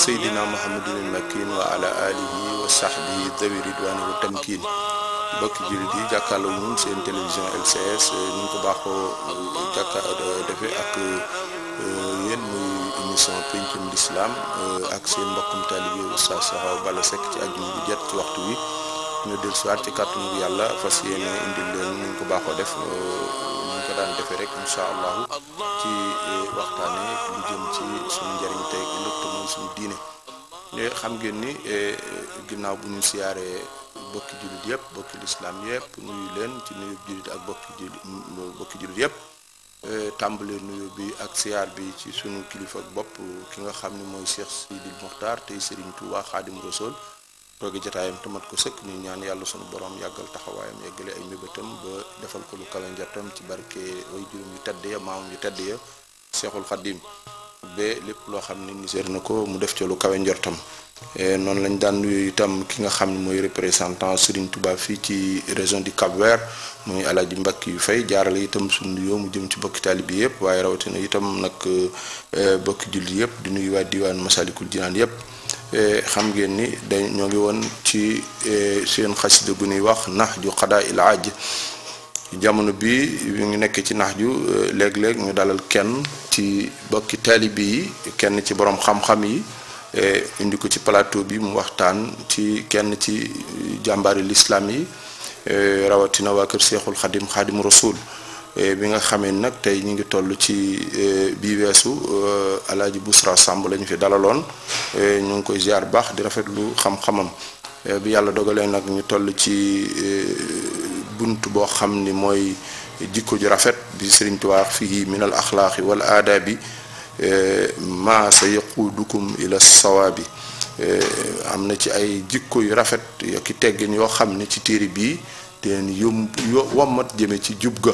seydina muhammadinil makkin wa ala alihi wa sahbi dawi ridwaani wa tamkiin mbokki gi yi jàkkaarloo ñun seen télévision LCS ñu ko baaxoo jàkka euh, defee ak euh, yéen muy émission pencum l'islam euh, ak seen mbokkum taalibe Oustaz Soxaw Balla Seck ci àjjuma bu jot ci waxtu wi ñu del soir ci kàttanu bu yàlla fas yéene indil leen ñu ko baaxoo def ñu ko daan defee rek incha allahu ci eh, waxtaane lu jëm ci suñu tey ëllëg te mooy suñu diine eh, xam ngeen ni eh, ginnaaw bu ñu siyaaree bokki jullit yëpp bokki lislaam yëpp nuyu leen ci nuyu jullit ak bokki jullit bokki jullit nuyu bi ak siyaar bi ci suñu kilifa bopp ki nga xam ni mooy Cheikh Sidil Mokhtar tey Serigne Touba Khadim Rassoul toogi jotaayam te mat ko sëkk ñu ñaan yàlla sunu borom yàggal taxawaayam yeggale ay mébétam ba defal ko lu kala njottam ci barke way juróom yu tedd ya maamam yu tedd ya seexul xaddim ba lépp loo xam ne niseer na ko mu def ca lu kawe njortam e, noonu lañ daan nuyu itam ki nga xam ne mooy représentant Serigne Touba fii ci région du Cap Vert muy Alaaji Mbakki yu fay jaarale itam suñu nuyoo mu jëm ci bokki taalibe yëpp waaye rawatina itam nag e, bokki julli yëpp di nuyu waa diwaan Masalikul Jinaan Eh, xam ngeen ni dañ ñoo ngi woon ci eh, seen xasida gu ñuy wax nax ju xadaa il ajj jamono bi ñu ngi nekk ci nax ju eh, léeg-léeg ñu dalal kenn ci bokki taalibi yi kenn ci borom xam-xam yi indi ko ci plateau bi mu waxtaan ci kenn ci jàmbaari lislaam yi rawatina waa kër seexul xadim xadim rasul Eh, bi nga xamee nag tey ñu ngi tollu ci eh, bii weesu eh, alaaji Bousra Samb la ñu fi dalaloon ñu ngi koy ziar baax di rafetlu xam-xamam bi yàlla dogalee nag ñu toll ci bunt boo xam ni mooy jikko ju rafet bi Sëriñ Tuubaa fii minal axlaaqi wal aadaabi maa sa yaquudukum ila sawaabi am na ci ay jikko yu rafet yoo ki teggin yoo xam ne ci téere bii te yom yo wommat jëme ci jub ga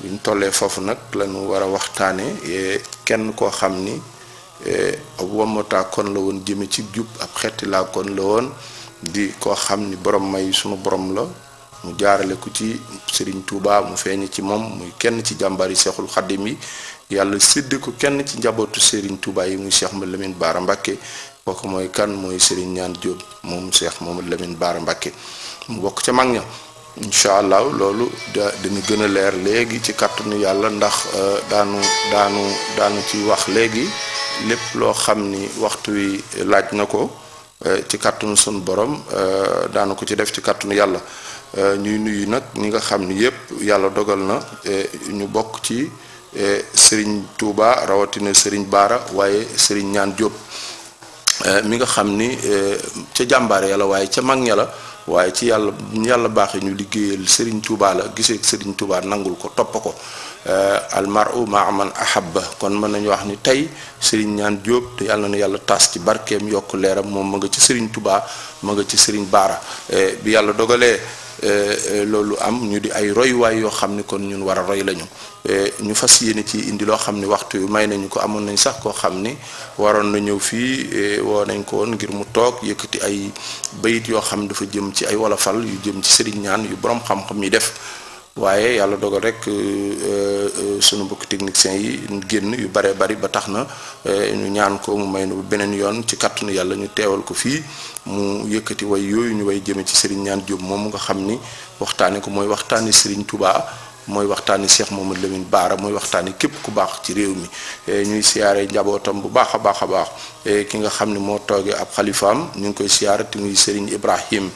bi tollee foofu nag lañu war a waxtaane eh, kenn koo xam ni eh, ab wammataa kon la woon jëme ci jub ab xetti laa kon la woon di koo xam ni borom may sunu borom la mu jaarale ko ci Serigne Touba mu feeñ ci moom muy kenn ci jàmbaar yi Seexul Xaddim mi yàlla sédd ko kenn ci njabootu Serigne Touba yi muy ma Mouhamadou Lamine Bara Mbacké kooku mooy kan mooy Serigne Ñaan Diop moom Cheikh moom Lamine Bara Mbacké mu bokk ca mag ña incha allah loolu da dina gën a leer léegi ci kàttanu yàlla ndax euh, daanu daanu daanu ci wax léegi lépp loo xam ni waxtu wi laaj na ko euh, ci kàttanu sun borom euh, daanu ko ci def ci kàttanu yàlla ñuy nuyu nag ñi nga xam ni yëpp yàlla dogal na ñu bokk ci Serigne tuuba rawatina Serigne Baara waaye Serigne Ñaan Diop mi nga xam ni ca jàmbaar yàlla waaye ca mag ña la. waaye ci yàlla yàlla baaxee ñu liggéeyal Serigne Touba la gisee Serigne Touba nangul ko topp ko eh, almaru ma man ahabba kon mën nañu wax ni tey Serigne ñaan Diop te yàlla na yàlla tas ci barkeem yokk leeram moom ma nga ci Serigne Touba mën nga ci Serigne Baara eh, bi yàlla dogalee. Euh, euh, loolu am ñu di ay royuwaay yoo xam ni kon ñun war a roy lañu euh, ñu fas yéene ci indi loo xam ni waxtu yu may nañu ko amoon nañ sax koo xam ni waroon na ñëw fii woo nañ ko ngir mu toog yëkkati ay bayit yoo xam ne dafa jëm ci ay wolofal yu jëm ci sëriñ ñaan yu borom xam-xam yi def waaye yàlla dogal rek euh, euh, sunu mbokki techniciens yi génn yu bare bari ba tax na euh, ñu ñaan ko mu may nu beneen yoon ci kàttanu yàlla ñu teewal ko fii mu yëkkati way yooyu ñu way jëme ci Serigne ñaan Diop moom mu nga xam ni waxtaane ko mooy waxtaane Serigne Touba. mooy waxtaani Cheikh Mamadou Lamine Baara mooy waxtaani képp ku baax ci réew mi e, ñuy siyaare njabootam bu baax a baax a baax e, ki nga xam ne moo toogee ab xalifaam ñu ngi koy siyaare te muy Serigne Ibrahim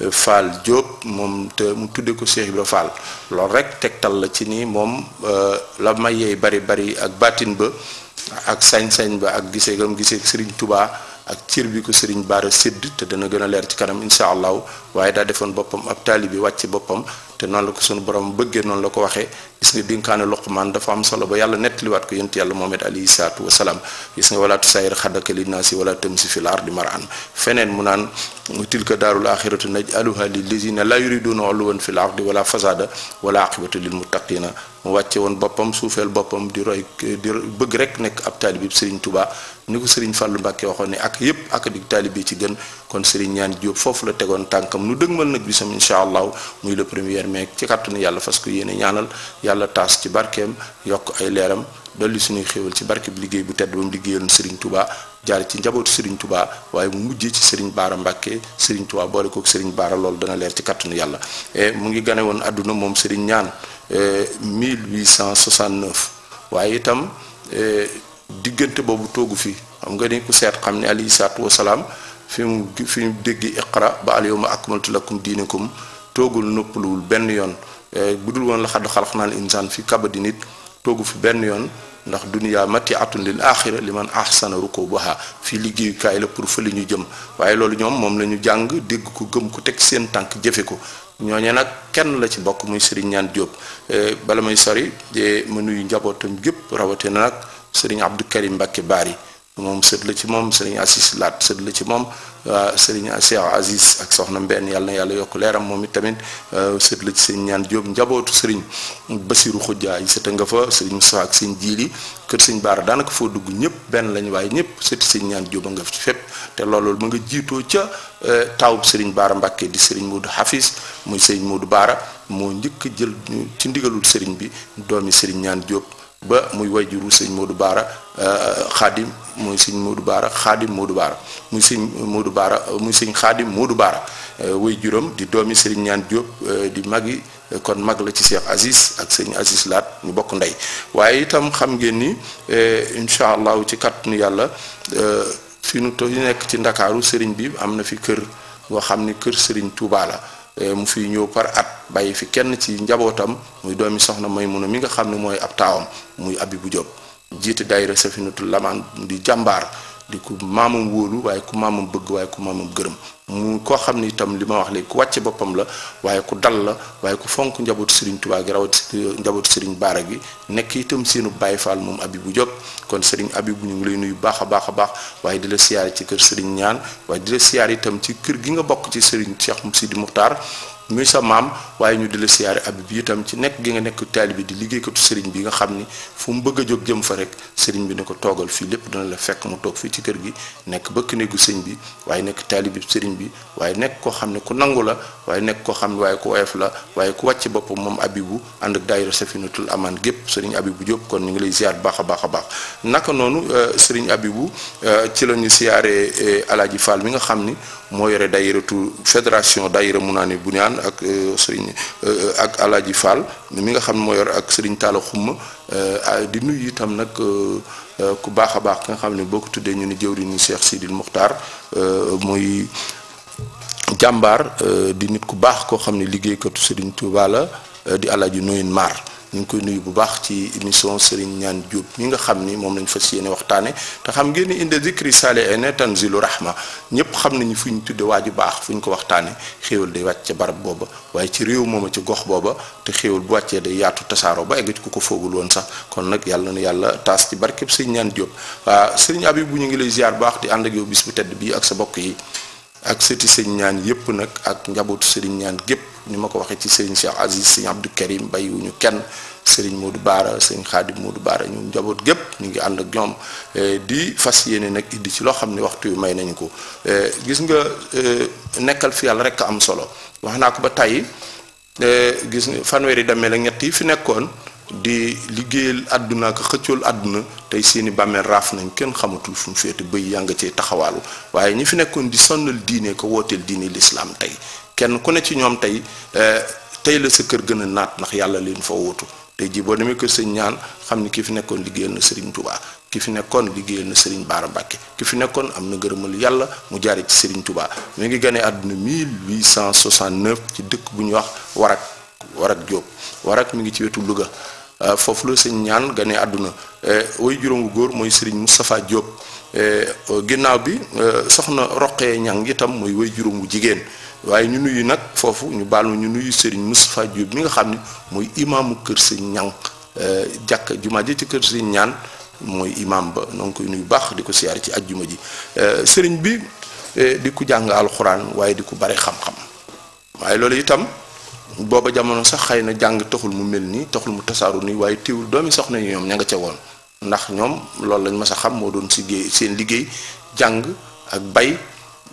e, Fall Diop moom te mu tuddee ko Cheikh Ibrahima Fall loolu rek tegtal la ci ni moom la may yeey bari bari ak baatin ba ak sañ-sañ ba ak gisee gam gisee Serigne tubaa ak cir bi ko sëriñ Baara sédd te dana gën a leer ci kanam incha allahu waaye daa defoon boppam ab taali bi wàcc boppam te noonu la ko sunu borom bëggee noonu la ko waxe gis nga dénkaane Luqmaan dafa am solo ba yàlla nettaliwaat ko yonent yàlla Muhammad alayhi salaatu wa salaam gis nga wala tusaayir xaddaka linnaasi wala tamsi fil ardi mar'an feneen mu naan tilka daarul axiratu naj'aluha lillazina la yuriduna uluwan fil ardi wala fasada wala aqibatu lil muttaqina mu wàcce woon boppam suufeel boppam di roy di bëgg rek nekk ab taalibi Sëriñ tubaa ni ko Serigne Fallou Mbacke waxoon ne ak yëpp ak dig taalibe ci gën kon Serigne ñaan Diop foofu la tegoon tànkam nu dëgmal nag bisam incha allahu muy le premier mai ci kàttanu yàlla fas ko yéene ñaanal yàlla taas ci barkeem yokk ay leeram dolli suñuy xéewal ci barke bi liggéey bu tedd ba mu liggéeyaloon Serigne Touba jaar ci njabootu Serigne tubaa waaye bu mujjee ci Serigne Baara Mbacke Serigne Touba boole kook Serigne Baara loolu dana leer ci kàttanu yàlla eh, mu ngi gane woon àdduna moom Serigne ñaan 1869 eh, waaye itam. Eh, diggante boobu toogu fi xam nga ni ku seet xam ne alayhi salaatu wasalaam fi mu fi mu dégg iqra ba al yawma akmaltu lakum diinakum toogul noppaluwul benn yoon eh, bu dul woon la xadd xalax naan insaan fi kabadi nit toogu fi benn yoon ndax duniyaa mati atun lil axira li man ahsana rukubaha fii liggéeyukaay la pour fële ñu jëm waaye loolu ñoom moom la ñu jàng dégg ko gëm ko teg seen tànk jëfe ko ñooñe nag kenn la ci bokk muy Serigne Ñaan Diop eh, bala may sori eh, ma nuyu njabootam gépp rawate na sëriñ Abdou Karim Mbacke Bari moom sët ci moom sëriñ Assis Laat ci moom sëriñ Cheikh Aziz ak soxna Mbenn yàlla yàlla yokk leeram moom it tamit euh, sët la ci ñaan Diop njabootu sëriñ Basiru Xujja yi sëta nga fa sëriñ Moussa ak sëriñ Jiili kër sëriñ Baara daanaka foo dugg ñëpp benn lañu waaye ñëpp sëti sëriñ ñaan Diop a nga fi fépp te loolu mu nga jiitoo ca euh, taawub sëriñ Baara Mbàkke di sëriñ Moodu Xafis muy sëriñ Moodu Baara moo njëkk jël ci ndigalul sëriñ bi doomi sëriñ ñaan Diop ba muy wayjuru sëñ Modou Baara xaadim euh, euh, muy sëñ Modou Baara xaadim Modou Baara muy sëñ Modou Baara euh, muy sëñ xaadim Modou Baara wayjuram di doomi sëriñ ñaan Diop di magi kon mag la ci Cheikh Aziz ak sëñ Aziz Laat ñu bokk ndey waaye itam xam ngeen ni incha allahu ci kàttanu yàlla fi nu to nekk ci ndakaaru sëriñ bi am na fi kër goo xam ni kër sëriñ Touba la Eh, mu fiy ñëw par at bàyyi fi kenn ci njabootam muy doomi soxna Maymuna mi nga xam ne mooy ab taawam muy bu Jóob jiite daayira Safinatul Lamaan di jàmbaar di ku maamam wóolu waaye ku maamam bëgg waaye ku maamam gërëm mu koo xam ne itam li ma wax léegi ku wàcce boppam la waaye ku dal la waaye ku fonk njabootu Serigne Touba gi rawat euh, njabootu Serigne Baara gi nekk itam seenu Baye Fall moom Abibou Diop kon Serigne Abibou ñu ngi lay nuyu baax a baax a baax waaye di la siyaare ci kër Serigne ñaan waaye di la siyaare itam ci kër gi nga bokk ci Serigne Cheikh Sidi Moukhtar muy sa maam waaye ñu di la siyaare abib bi itam ci nekk gi nga nekk taalibe di liggéeykatu sëriñ bi nga xam ni fu mu bëgg a jóg jëm fa rek sëriñ bi ne ko toogal fii lépp dana la fekk mu toog fii ci kër gi nekk bëkk néegu sëñ bi waaye nekk taalibe sëriñ bi waaye nekk koo xam ne ku nangu la waaye nekk koo xam ne waaye ku woyof la waaye ku wàcc boppam moom abibu ànd ak daayira safinatul amaan gépp sëriñ abibu Diop kon ñu ngi lay ziar baax a baax a baax naka noonu euh, sëriñ abibu euh, ci la ñu siyaare euh, alaaji Fall mi nga xam ni moo yore daayiratu fédération daayira mu naa ne bu ñaan ak euh, sëriñ euh, ak alaaji Fall mi nga xam ne moo yor ak sëriñ Talla Xumma euh, di nuyu itam nag ku baax a baax ki nga xam ne boo ko tuddee ñu ni jëwriñu Cheikh Sidil Mokhtar muy jàmbaar di nit ku baax koo xam ne liggéey liggéeykatu sëriñ Touba la di alaaji Noyin Maar ñu ngi koy nuyu bu baax ci émission Serigne ñaan Diop mi nga xam ni moom lañ fas yéene waxtaane te xam ngeen ni inde zikri saalihiina tanzilu rahma ñëpp xam nañu fu ñu tudde waa ju baax fu ñu ko waxtaane xéewal day wàcc ca barab booba waaye ci réew mooma ci gox booba te xéewal bu wàccee day yaatu tasaaroo ba egg ci ku ko foogul woon sax kon nag yàlla na yàlla taas ci barkeb Serigne Niane Diop waaw Serigne Abib bu ñu ngi lay ziar baax di ànd ak yow bis bu tedd bii ak sa bokk yi ak sëti sëñ ñaan yépp nag ak njabootu sëriñ ñaan gépp ni ma ko waxee ci sëriñ Cheikh Aziz sëñ Abdou Karim ñu kenn sëriñ Modou Baara sëñ Xaadim Modou Baara ñun njaboot gépp ñu ngi ànd ak ñoom eh, di fas yéene nag iddi ci loo xam ne waxtu yu may nañu ko eh, gis nga eh, nekkal fi yàlla rek am solo wax naa ko ba tey gis nga fanweeri demee la ñett yi fi nekkoon di liggéeyal àdduna ak xëccool àdduna tey seeni bàmmeel raaf nañ kenn xamatul fu mu feete bëy yaa nga cee taxawaalu waaye ñi fi nekkoon di sonnal diinee ko wooteel diine lislaam tey kenn ku ne ci ñoom tey eh, tey la sa kër gën a naat ndax yàlla leen fa wóotu tey jii boo demee kër sëñ ñaan xam ni ki fi nekkoon liggéeyal na Serigne Touba ki fi nekkoon liggéeyal na Serigne Bara Mbacké ki fi nekkoon am na gërëmal yàlla mu jaare ci Serigne tubaa mi ngi ganee àdduna 1869 ci dëkk bu ñuy wax Warak Warak Diop Warak mi ngi ci wetu Louga Euh, foofu la sëñ ñaan gane àdduna euh, woy juróom góor mooy sëriñ Moustapha Diop euh, ginnaaw bi soxna roqee ñang itam mooy way juróom jigéen waaye ñu nuyu nag foofu ñu baal ñu nuyu sëriñ Moustapha Diop mi nga xam ni mooy imaamu kër sëñ ñang jàkk jumaa ji ci kër sëñ ñaan mooy imaam ba noo ngi nuyu baax di ko siyaar ci ajjuma ji sëriñ bi di ko jàng alxuraan waaye di ko bare xam-xam waaye loolu itam boba jamono sax xëy na taxul mu melni taxul mu tasaru ni waye tiwul domi soxna ñom ñanga ña nga ca woon ndax ñom loolu lañ mësa xam doon seen liggey jang ak bay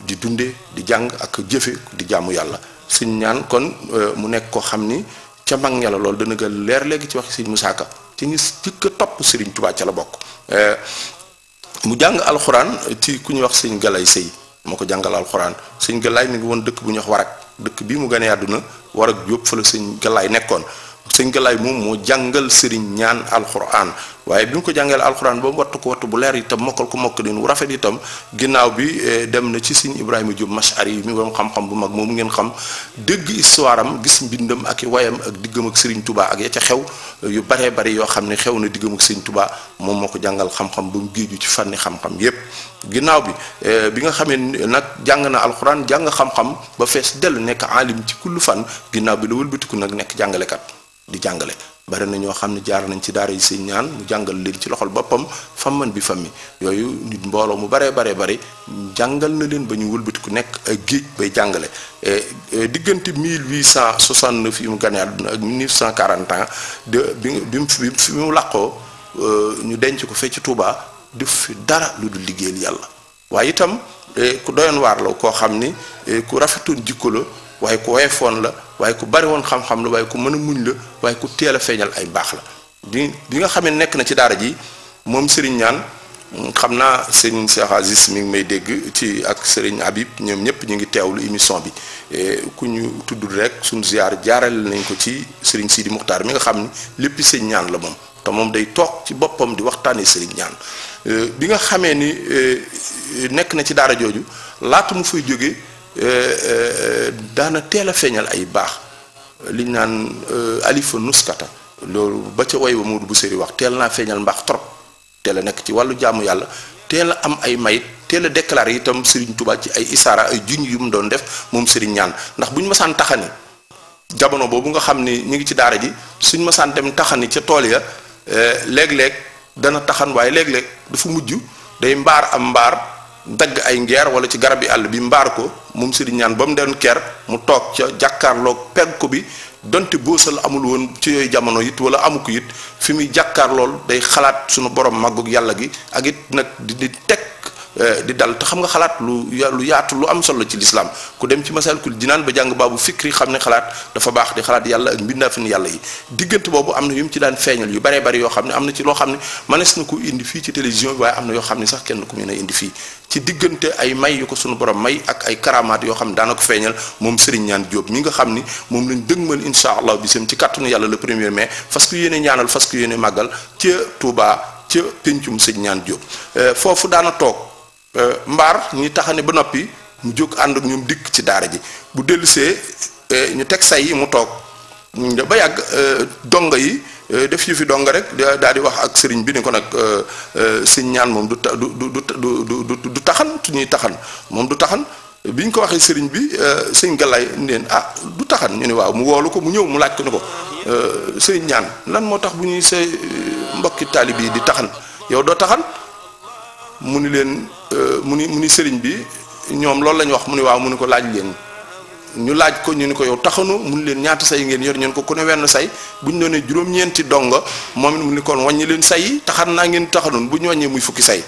di dunde di jang ak jëfé di jaamu yalla sëñ ñaan kon euh, mu nekk ko xamni ni ca mag yalla loolu dana gal leer léegi ci euh, wax sëñ Musaa Ka ci ñu jëkk topp Sëriñ ca la euh mu jang alcorane ci ku wax Galay sey moko jangal alcorane alxuraan Galay mi ngi won dekk bu wax Warak dëkk bii mu ganee àdduna war ak Jóob fa la sëñ nekkoon seigne galay mom mo jangal serigne ñaan alquran waye bimu ko jangal alquran bo wattu ko wattu bu leer itam mokal ko mokk din rafet itam ginaaw bi e, dem na ci serigne ibrahim djum mashari mi wam xam xam bu mag mom ngeen xam deug histoiream gis bindam ak wayam ak digëm ak serigne touba ak ya ca xew yu bare bare yo xamni xew na digëm ak serigne touba mom moko jangal xam xam bu geeju ci fanni xam xam yep ginaaw bi e, bi nga xamé nak jang na alquran jang xam xam ba fess del nek alim ci kullu fan ginaaw bi lu wulbutiku nak nek jangale kat di jàngale bari na ñoo xam ne jaar nañ ci daar yi seen ñaan mu jàngal leen ci loxol boppam fam man bi fam yooyu nit mbooloo mu baree baree bari jàngal na leen ba ñu wulbati ku nekk ak géej bay jàngale e, e, diggante mille 1869 yi mu gane àdduna ak 1941 de bi bi mu fi mu làqoo e, ñu denc ko fee ci Touba def fi dara lu dul liggéeyal yàlla waaye itam ku doyoon waar la koo xam ni ku rafetoon jikko la waaye ku woyofoon la waaye ku bari woon xam-xam la waaye ku mën a muñ la waaye ku teel a feeñal ay baax la di bi nga xamee nekk na ci daara ji moom Serigne Niane mm, xam naa Serigne Cheikh Aziz mi ngi dégg ci ak Serigne Habib ñoom ñëpp ñu ngi teewlu émission bi e, ku ñu tudd rek suñu ziar jaarale nañ ko ci Serigne Sidi Muxtaar mi nga xam ni lépp Serigne Niane la moom te moom day toog ci boppam di waxtaanee Serigne Niane e, bi nga xamee ni e, nekk na ci daara jooju laata mu fay jógee. Euh, euh, daana teel a feeñal ay baax li naan euh, alifa nuskata loolu ba ca way wa muudu bu séri wax teel naa feeñal mbaax trop teel a ci wàllu jaamu yàlla teel am ay mayit teel a itam sëriñ tuba ci ay isaara ay juñ yu mu doon def moom sëriñ ñaan ndax buñ masaan taxani jamono boobu nga xam ni ñu ngi ci daara ji suñ dem taxani ca tool ya léeg-léeg dana taxan waaye léeg-léeg dafa mujj day mbaar am mbaar dagg ay ngeer wala ci garab yi àll bi mbaar ko moom Serigne Niane ba mu doon ker mu toog ca jàkkaarloog pegg ko bi donte boosal amul woon ci yooyu jamono it wala amuk ko it fi muy jàkkaar day xalaat sunu borom màggug yàlla gi ak it nag di teg. Eh, di dal te xam nga xalaat lu lu yaatu lu am solo ci lislaam ku dem ci masalikul jinaan ba jàng baabu fikri xam ne xalaat dafa baax di xalaat yàlla ak mbindaafin yàlla yi diggante boobu am na yu mu ci daan feeñal yu baree yoo xam ne am na ci loo xam ne mënees na ko indi fii ci télévision bi waaye am na yoo xam ne sax kenn ku mën a indi fii ci diggante ay may yu ko sunu borom may ak ay karamaat yoo xam ne daana ko feeñal moom Serigne Ñaan Jóob mi nga xam ni moom lañ dëgmal incha allah bisam ci kàttanu yàlla le premier mai fas ku yéene ñaanal fas ku yéene màggal ca Touba ca péncum sëñ Ñaan Jóob eh, foofu daana toog Euh, mbar ñi taxane ba noppi mu juk ànd ñum dik ci daara ji bu dellusee euh, ñu tek say yi mu toog mm, ba yag euh, donga yi def yu fi donga rek daal di wax ak serigne bi ni ko nak serigne ñaan mom du du du du du taxan tu ñuy taxan mom du taxan biñ ko waxe serigne bi serigne galay neen ah du taxan ñu ni waaw mu wolu ko mu ñew mu laaj ko ni ñaan lan moo tax bu ñuy sey mbokki talibi di taxan yow do taxan mu ni leen euh, mu ni mu ni sëriñ bi ñoom loolu la ñu wax mu ni waaw mu ni ko laaj leen ñu laaj ko ñu ni ko yow taxanu mu ni leen ñaata say ngeen yor ñun ko ku ne wenn say bu ñu doonee juróom-ñeenti donga moom it mu ni kon wàññi leen say taxan naa ngeen taxanoon bu ñu wàññee muy fukki say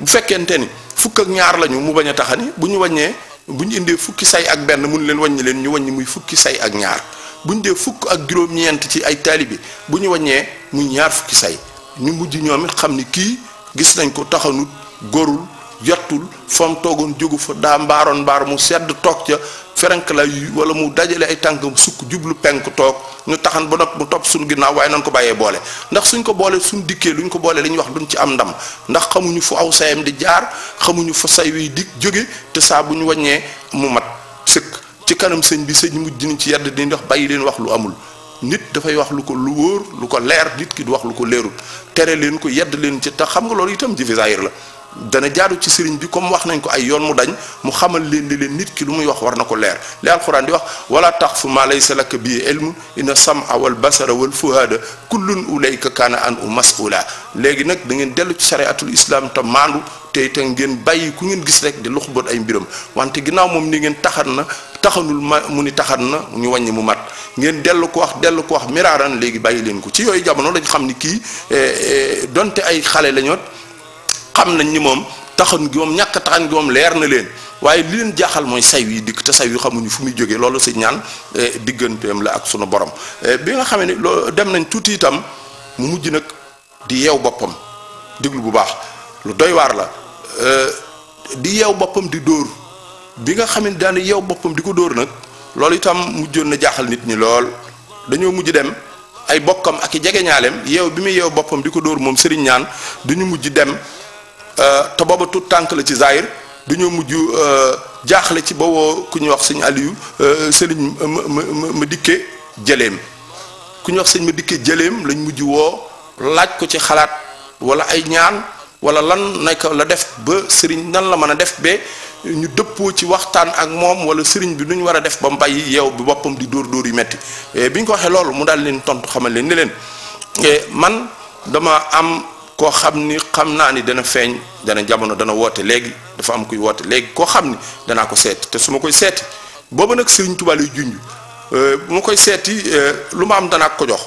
bu fekkente ni fukk lañu mu bañ a taxani bu ñu wàññee bu ñu indee fukki say ak benn mu ni leen wàññi leen ñu wàññi muy fukki say ak ñaar bu ñu dee fukk ak juróom-ñeent ci ay taalibi bu ñu wàññee muy ñaar fukki say ñu mujj ñoom it xam ni kii gis nañ ko taxanut gorul jottul fam toogoon jógu fa daa mbaaroon mbaar mu sedd toog ca ferenk la wala mu dajale ay tànkam sukk jublu penk toog ñu taxan ba noppi mu topp suñ ginnaaw waaye nañ ko bàyyee boole ndax suñ ko boolee suñ dikkee luñ ko boolee li wax duñ ci am ndam ndax xamuñu fu aw sayam di jaar xamuñu fa say wiy dikk jóge te saa bu ñu wàññee mu mat sëkk ci kanam sëñ bi sëñ mujj dinañ ci yedd di ndax bàyyi leen wax lu amul nit dafay wax lu ko lu wóor lu ko leer nit ki du wax lu ko leerul tere leen ko yedd leen ci te xam nga loolu itam jëfe zaahir la dana jaadu ci sëriñ bi comme wax nañ ko ay yoon mu dañ mu xamal leen di leen nit ki lu muy wax war na ko leer li alxuraan di wax wala tax fu maa laysa laka bii ilmun inna sam'a wal basara wal fuhaada kullun ulayka kaana an mas masula léegi nag da ngeen dellu ci shariatul islam te maandu tey te ngeen bàyyi ku ngeen gis rek di luxuboot ay mbiram wante ginnaaw moom ni ngeen taxan na taxanul ma mu ni taxan na ñu wàññi mu mat ngeen dellu ko wax dellu ko wax miraaran léegi bàyyi leen ko ci yooyu jamono lañ xam ni kii eh, eh, donte ay xale lañoot xam nañ ni moom taxan gi moom ñàkk a taxan moom leer na leen waaye li leen jaaxal mooy say yi dikk te say yu xamuñu fu muy jógee loolu si ñaan eh, digganteem la ak sunu borom eh, bi nga xamee ni loolu dem nañ tuuti itam mu mujj nag di yeew boppam déglu bu baax lu doy waar la eh, di yeew boppam di dóor bi nga xam ne daan yeew boppam di ko dóor nag loolu itam mujjoon na jaaxal nit ñi lool dañoo mujj dem ay bokkam ak i jegeñaaleem yeew bi muy yeew boppam di ko dóor moom sëriñ ñaan dañu mujj dem. Euh, te booba tout tànk la ci Zahir dañoo mujj euh, jaaxle ci ba woo ku ñuy wax sëñ Aliou euh, sëriñ ma dikke jëleem ku ñuy wax sëñ ma dikke jëleem lañ mujj woo laaj ko ci xalaat wala ay ñaan wala lan nekk la def ba sëriñ nan la mën a def ba ñu dëppoo ci waxtaan ak moom wala sëriñ bi nu ñu war a def ba mu bàyyi yeew bi boppam di dóor dóor yu metti bi ñu ko waxee loolu mu daal leen tontu xamal leen ni leen man dama am. koo xam ni xam naa ni dana feeñ dana jamono dana woote léegi dafa am kuy woote léegi koo xam ni danaa ko seet te su ma koy seeti booba nag Serigne Touba lay junj euh, bu ma koy seeti euh, lu ma am danaa ko jox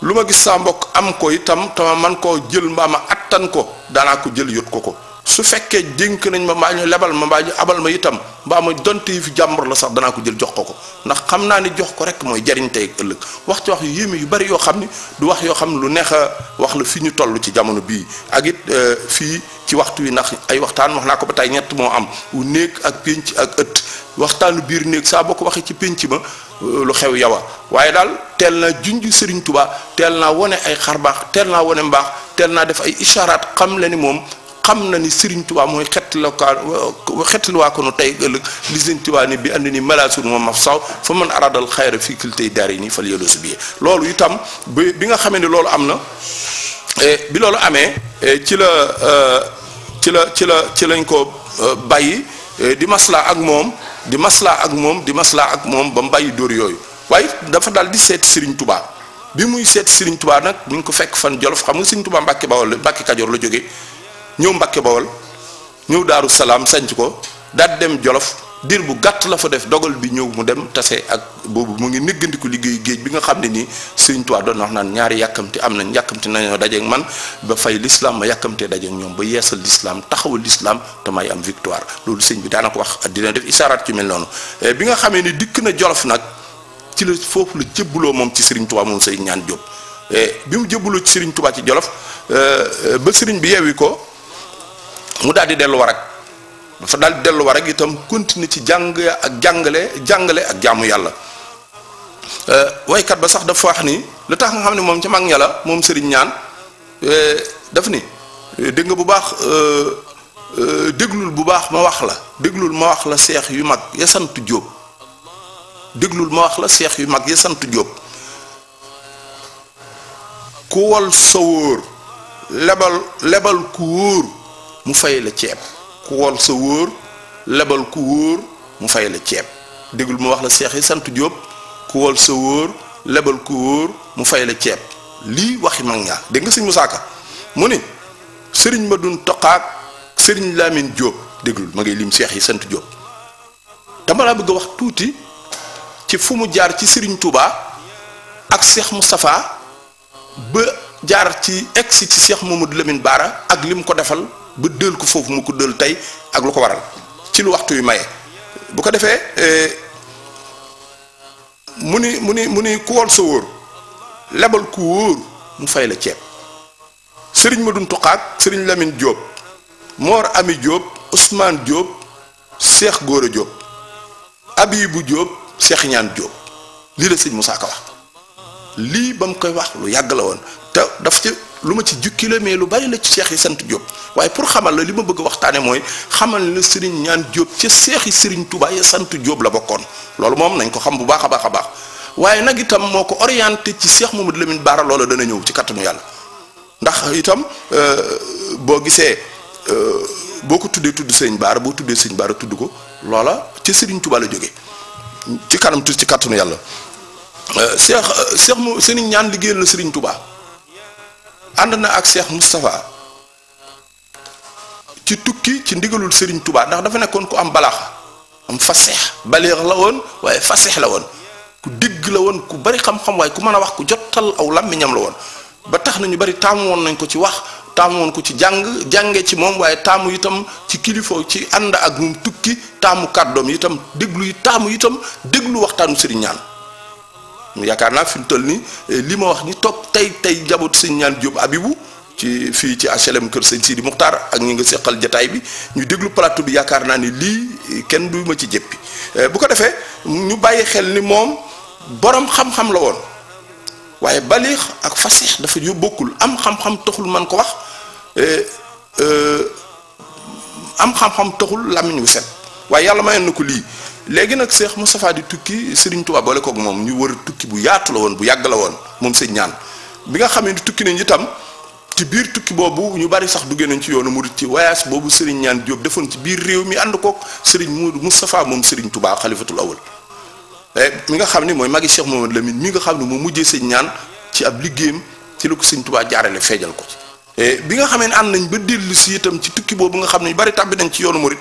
lu ma gis saa mbokk am ko itam tama man koo jël mbaa ma attan ko danaa ko jël yot ko ko su fekkee dénk nañ ma mbaa ñu lebal ma mbaa ñu abal ma itam mbaa ma donte fi jàmbur la sax danaa ko jël jox ko ko ndax xam naa ni jox ko rek mooy jariñ tey ëllëg wax ci wax yu yéeme yu bari yoo xam ni du wax yoo xam ne lu neex wax la fi ñu toll ci jamono bii ak it euh, fii ci waxtu wi ndax ay waxtaan wax naa ko ba tey ñett moo am wu néeg ak pénc ak ëtt waxtaanu biir néeg saa boo ko waxee ci pénc ma euh, lu xew yawa waaye daal teel naa junj Serigne tubaa teel naa wane ay xarbaax teel naa wane mbaax teel naa def ay isharaat xam le ni moom xamna ni Serigne Touba moy xet xettali waa xettali waa ko no tay geul li Serigne Touba ni bi andi ni malaasul mo af saw fa man aradal khair fi culté dari ni fal yelo bi lolou itam bi nga xamene lolou amna am bi lolou amé ci la ci la ci la ci lañ ko bàyyi di masla ak mom di masla ak mom di masla ak mom ba mbayi dor yoy way dafa dal di set Serigne Touba bi muy set Serigne Touba nak mu ko fekk fan Jolof xam nga Serigne Touba mbacke Bawol mbacke kadior la joge ñëw Mbàkke Bawol ñëw Daaru Salaam sanc ko daal dem Jolof diir bu gàtt la fa def dogal bi ñëw mu dem tase ak boobu mu ngi néggandiku liggéeyu géej bi nga xam ne ni Sëriñ Tuubaa doon wax naan ñaari yàkkamti am nañ yàkkamti nañoo dajeek man ba fay lislaam ma yàkkamtee dajeek ñoom ba yeesal lislaam taxawal lislaam te may am victoire loolu sëñ bi daana ko wax dina def isaaraat ci mel noonu eh, bi nga xamee ni dikk na Jolof nag ci la foofu la jébbaloo moom ci Sëriñ Tuubaa moom Sëriñ Ñaan Jóob eh, bi mu jébbaloo ci Sëriñ Tuubaa ci Jolof eh, ba sëriñ bi yeewi ko mu dal di war rek fa dal di war rek itam continue ci jang ya ak jangale jangale ak euh way kat ba sax dafa wax ni lutax nga xamni mom ci mag ñala mom serigne ñaan euh daf ni euh, dégg nga bu baax euh, euh, deglul bu baax ma wax la deglul ma wax la cheikh yu mag ya sant jóob deglul ma wax la cheikh yu mag ya sant jóob ku wal sa lebal lebal ku wóor mu fay la ceeb ku wol sa wóor lebal ku wóor mu fay la ceeb déglu mu wax la seex yi sant Jóob ku wol sa wóor lebal ku wóor mu fay la ceeb lii waxi mag ñaa dégg nga sëñ Musaa Ka mu ni sëriñ ma duñ toqaak sëriñ Laamin Jóob déglul ma ngay lim seex yi sant Jóob dama laa bëgg a wax tuuti ci fu mu jaar ci sëriñ Touba ak seex Moustapha ba jaar ci egsi ci Cheikh Mamadou Lamine Baara ak li mu ko defal ba dël ko foofu mu ko dël tey ak lu ko waral ci lu waxtu yu maye bu ko defee eh, mu ni mu ni mu ni ku wol sa wóor lebal ku wóor mu fay la ceeb sëriñ ma Madun Tuqaak sëriñ Lamine jóob moor Ami jóob Ousmane Diop Cheikh Gora Diop Abibou Diop Cheikh Ñaan Diop lii la sëñ Moussa Ka wax lii ba mu koy wax lu yàgg la woon te daf ci lu ma ci jukki la mais lu bari la seex yi sant Diop waaye pour xamal la li ma bëgg waxtaane mooy xamal la Serigne ñaan Diop ca seex yi Serigne Touba ya sant Diop la bokkoon loolu moom nañ ko xam bu baax a baax a baax waaye nag itam moo ko orienté ci seex Mamadou Lamine Baara loola dana ñëw ci kattanu yàlla ndax itam euh, boo gisee euh, boo ko tuddee tudd Serigne Baara boo tuddee Serigne Baara tudd ko loola ca Serigne Touba la jógee ci kanam tuuti ci kattanu yàlla seex seex mu Serigne ñaan liggéeyal la Serigne Touba. ànd na ak Cheikh Moustapha ci tukki ci ndigalul Serigne Touba ndax dafa nekkoon ku am balaax am faseex baleex la woon waaye faseex la woon ku dégg la woon ku bari xam-xam waaye ku mën a wax ku jottal aw làmmiñam la woon ba tax na ñu bari taamu woon nañ ko ci wax taamu woon ko ci jàng jànge ci moom waaye taamu itam ci kilifa ci ànd ak moom tukki taamu kàddoom itam déglu yi taamu itam déglu waxtaanu Serigne ñaan yaakaar naa fi mu nii eh, li ma wax ni toog tey tey njaboot sëñ ñaan Diop abibu ci fii ci HLM Kër Sëñ Sidi Muxtaar ak ñu nga seqal jataay bi ñu déglu plateau bi yaakaar naa ni lii eh, kenn du ma ci jéppi eh, bu ko defee ñu bàyyi xel ni moom borom xam-xam la woon waaye balix ak fasix dafa yu bokkul am xam-xam taxul man ko wax am xam-xam taxul làmmiñ wu set waaye yàlla mayoon na ko lii léegi nag Cheikh Moustapha di tukki Serigne Touba boole koog moom ñu war a tukki bu yaatu la woon bu yàgg la woon moom sëñ ñaan bi nga xam ne tukki nañ itam te biir tukki boobu ñu bari sax duggee nañ ci yoonu murid ci voyage boobu Serigne ñaan Diop defoon ci biir réew mi ànd koog Serigne Moudou Moustapha moom Serigne Touba xalifatul awal eh, mi nga xam ni mooy magi Cheikh Momadou Lamine mi nga xam ne moo mujjee sëñ ñaan ci ab liggéeyam ci la ko sëñ Touba jaarale feejal ko ci. Eh, nga xamee ne ànd nañ ba dellu si itam ci tukki boobu nga xam ne bari tàbbi nañ ci yoonu murid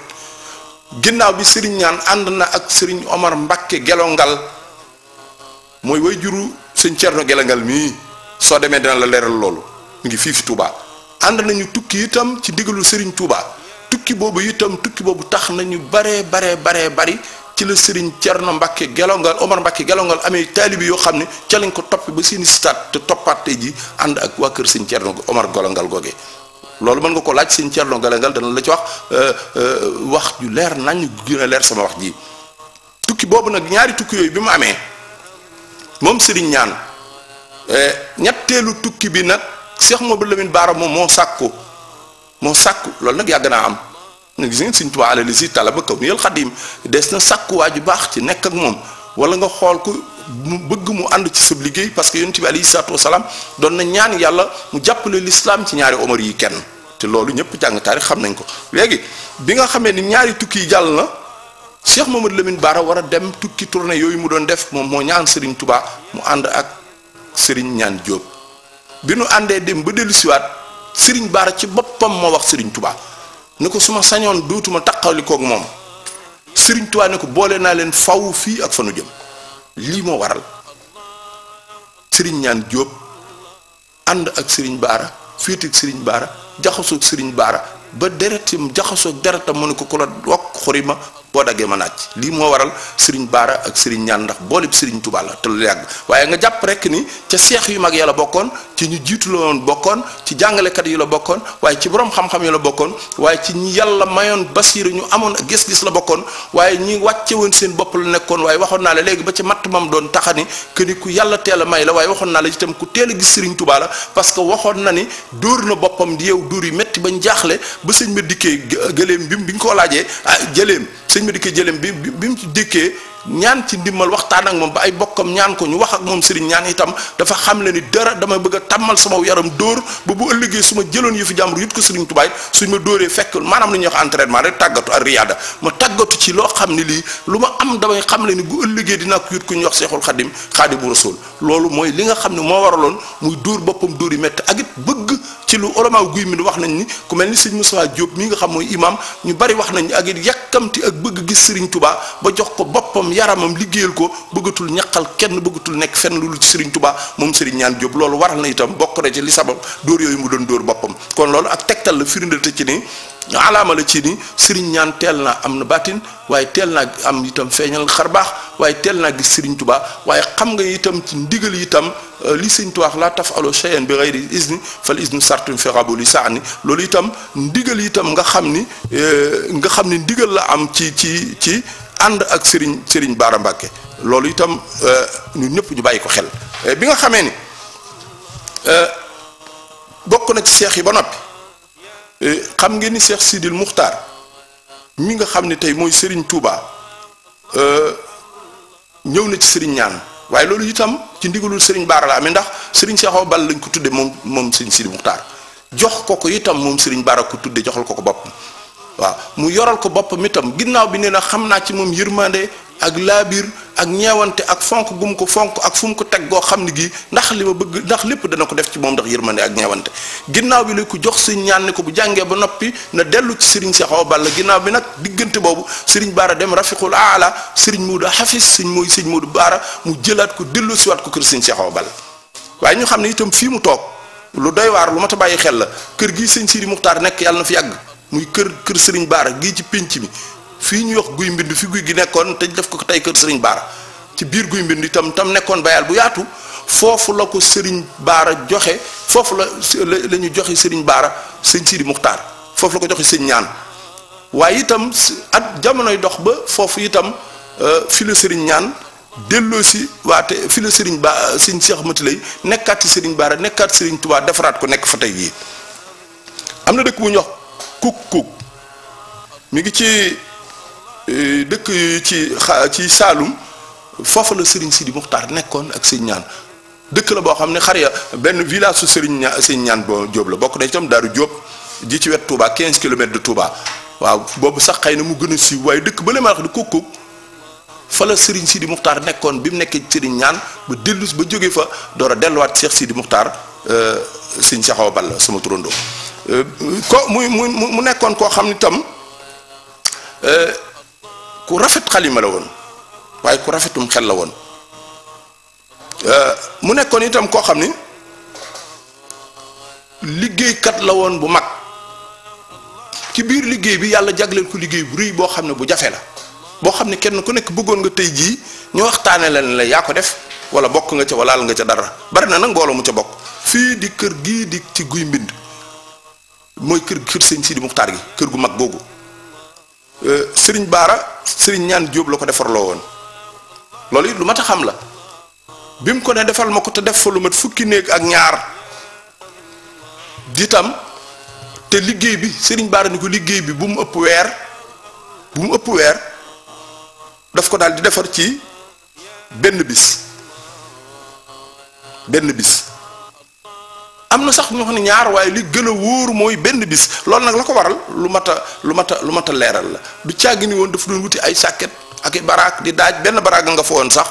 ginnaaw bi sëriñ naan ànd na ak sëriñ Omar Mbàkke gelongal mooy way juru sëñ Cerno gelongal mii soo demee dina la leeral loolu mu ngi fii fi Touba ànd nañu tukki itam ci ndigalu sëriñ Touba tukki boobu itam tukki boobu tax nañu baree baree baree bari ci la sëriñ Cerno Mbàkke gelongal Omar Mbàkke gelongal amee taalibi yoo xam ne ca lañ ko topp ba seeni stade te toppaate ji ànd ak waa kër sëñ Cerno Omar gelongal googee loolu mën nga ko laaj sëñ Thierno Galangal dana la ci wax euh, euh, wax ju leer nañ gën a leer sama wax ji tukki boobu nag ñaari tukki yooyu bi mu amee moom sëriñ ñaan euh, ñetteelu tukki bi nag Cheikh ba Lamine Bara moom moo sàkku moo sàkku loolu nag yàgg naa am nga gis ngeen sëñ Tuubaa alali si talaba kaw niyal xadim des na sàkku waa ju baax ci nekk ak moom wala nga xool ko bëgg mu ànd ci sab liggéey parce que yonent bi alayhi salaatu wasalaam doon na ñaan yàlla mu jàppale lislaam ci ñaari omar yi kenn te loolu ñëpp jàng taarix xam nañ ko léegi bi nga xamee ni ñaari tukki yi jàll na Cheikh Mamadou Lamine baara war a dem tukki tournée yooyu mu doon def moom moo ñaan Serigne Touba mu ànd ak Serigne ñaan jóob bi nu àndee dem ba dellusiwaat Serigne Bara ci boppam moo wax sëriñ tubaa ne ko su ma sañoon dootuma taqali moom. serigne touba ne ko bolé na len faw fi ak fanu jëm li mo waral serigne ñaan job and ak serigne bara féete ak serigne bara jaxoso ak serigne bara ba deretim jaxoso ak derata mon ne ko ku la wokk xurima boo daggee ma naaj lii waral serigne bara ak serigne ñaan ndax bolé serigne touba la te lu yag waye nga japp rek ni ci cheikh yu mag yalla bokkon ci ñu jiitu la woon bokkoon ci jàngalekat yi la bokkoon waaye ci borom xam-xam yu la bokkoon waaye ci ñi yàlla mayoon basiir ñu amoon gis-gis la bokkoon waaye ñi wàcce woon seen bopp la nekkoon waaye waxoon naa la léegi ba ci matt mam doon taxani que ni ku yàlla teel a may la waaye waxoon naa la itam ku teel gis Serigne Touba la parce que waxoon na ni dóor na boppam di yow dóor yi métti bañ jaaxle ba sëñ ma ah, dikkee gëléem bi bi ñu ko laajee jëleem sëñ ma dikkee jëleem bi bi mu ci dikkee ñaan ci ndimmal waxtaan ak moom ba ay bokkam ñaan ko ñu wax ak moom sëriñ ñaan itam dafa xam le ni dara damay bëgg a tàmmal sama yaram dóor ba bu ëllëgee su ma jëloon yi yëfi jàmbur yut ko sëriñ tubaay suñ ma dóoree fekk maanaam li ñuy wax entraînement rek tàggatu ak riyaada ma ci loo xam ne lii lu ma am damay xam le ni bu ëllëgee dinaa ko yut ñuy wax seexul xadim xaadimu rasul loolu mooy li nga xam ne moo waraloon muy dóor boppam dóor yi métti ak it bëgg ci lu olamaa guy mi wax nañ ni ku mel ni sëñ Moussa jóob mi nga xam mooy imam ñu bari wax nañ ak it yàkkamti ak bëgg gis Serigne tubaa ba jox ko boppam yaramam liggéeyal ko bëggatul ñaqal kenn bëggatul nekk fenn lu ci Serigne tubaa moom Serigne ñaan Diop loolu waral na itam bokk na ci li sabab dóor yooyu mu doon dóor boppam kon loolu ak tegtal la firndal te ci ni alaama la ci ni Serigne Niane teel naa am na baatin waaye teel naa am itam feeñal xar baax waaye teel naa gis Serigne Touba waaye xam nga itam ci ndigal itam euh, li Serigne Touba laa taf alo cheyen bi gayri isni fal isnu sartum fi rabuli saani loolu itam ndigal itam nga xam ni euh, nga xam ni ndigal la am ci ci ci ànd ak sëriñ Serigne Bara Mbacke loolu itam euh, ñun ñëpp ñu bàyyi ko xel bi nga xamee ni bokk na ci seex yi ba noppi xam ngeen ni seex Sidil Muxtaar mi nga xam ne tey mooy Serigne Touba. ñëw na ci sëriñ ñaan waaye loolu itam ci ndigalul sëriñ Baara la amee ndax sëriñ Seexoo Bal lañ ko tudde moom moom sëriñ Sidi Muxtaar jox ko ko itam moom sëriñ Baara ko tudde joxal ko ko boppam waaw mu yoral ko boppam itam ginnaaw bi nee na xam naa ci moom yërmande ak laabir ak ñeewante ak fonk gum ko fonk ak fum ko teg goo xam ne gii ndax li ma bëgg ndax lépp dana ko def ci moom ndax yërmande ak ñeewante ginnaaw bi la ko jox sëñ ñaan ne ko bu jàngee ba noppi na dellu ci sëriñ Cheikh Awa Balla ginnaaw bi nag diggante boobu sëriñ Baara dem rafiqul aala sëriñ Muudu Xafis sëñ mooy sëñ Muudu Baara mu jëlaat ko dellu si waat ko kër sëñ Cheikh Awa Balla xam ne itam fii mu toog lu doy waar lu mat a bàyyi xel la kër gi sëñ Sidi Muxtaar nekk yàlla na fi yàgg muy kër kër Serigne Baara gi ci pénc mi fii ñuy wax guy mbind fi guy gi nekkoon te def ko ko tey kër sëriñ Baara ci biir guy mbind itam tam nekkoon bayal bu yaatu foofu la ko Serigne Baara joxe foofu la la ñu joxe Serigne Baara sëñ Sidi Muxtaar foofu la ko joxe sëñ ñaan waaye itam at jamonoy dox ba foofu itam euh, fi la Serigne ñaan delloo si waate fi la Serigne Ba sëñ Cheikh Ahmadou lay nekkaat ci Serigne Baara nekkaat Serigne Touba defaraat ko nekk fa tey jii am na dëkk bu ñu kuk kuk mi ngi ci eh, dëkk ci ci Saalum foofu la Serigne Sidi Muxtaar nekkoon ak sëñ ñaan dëkk la boo xam ne xar ya benn village su Serigne sëñ ñaan boo Jóob la bokk na tam Daaru Jóob ji ci wet Touba 15 kilomètres de Touba waaw boobu sax xëy na mu gën a siiw waaye dëkk ba le ma wax di kuk kuk fa la Serigne Sidi Muxtaar nekkoon bi mu nekkee Serigne ñaan ba dellus ba jóge fa door a delluwaat Cheikh Sidi Muxtaar sëñ euh, Saxaw Balla sama turandoo. Euh, ko muy muy mu nekkoon koo xam ni tam euh, ku rafet xalima la woon waaye ku rafetum xel la woon euh, mu nekkoon itam koo xam ni liggéeykat la woon bu mag ci biir liggéey bi yàlla jagleel ku liggéey bu rëy boo xam ne bu jafe la boo xam ne kenn ku nekk bëggoon nga tey jii ñu waxtaane leen la yaa ko def wala bokk nga ca walaal nga ca dara bari na nag mu ca bokk fii di kër gii di ci guy mbind mooy kër kër si Sidi Muxtaar gi kër gu mag googu euh, sëriñ Baara sëriñ ñaan Diop la ko defarloo woon loolu it lu ma a xam la bi mu ko ne defal ma ko te def fa lu mat fukki néeg ak ñaar ditam te liggéey bi sëriñ Baara ni ko liggéey bi bu mu ëpp weer bu mu ëpp weer daf ko daal di defar ci benn bis benn bis am na sax ñu wax ne ñaar waaye li gën a wóor mooy benn bis loolu nag la ko waral lu mat a lu mat a lu mat a leeral la du càgg ni woon dafa doon wuti ay sàkket ak i baraag di daaj benn baraag nga fa woon sax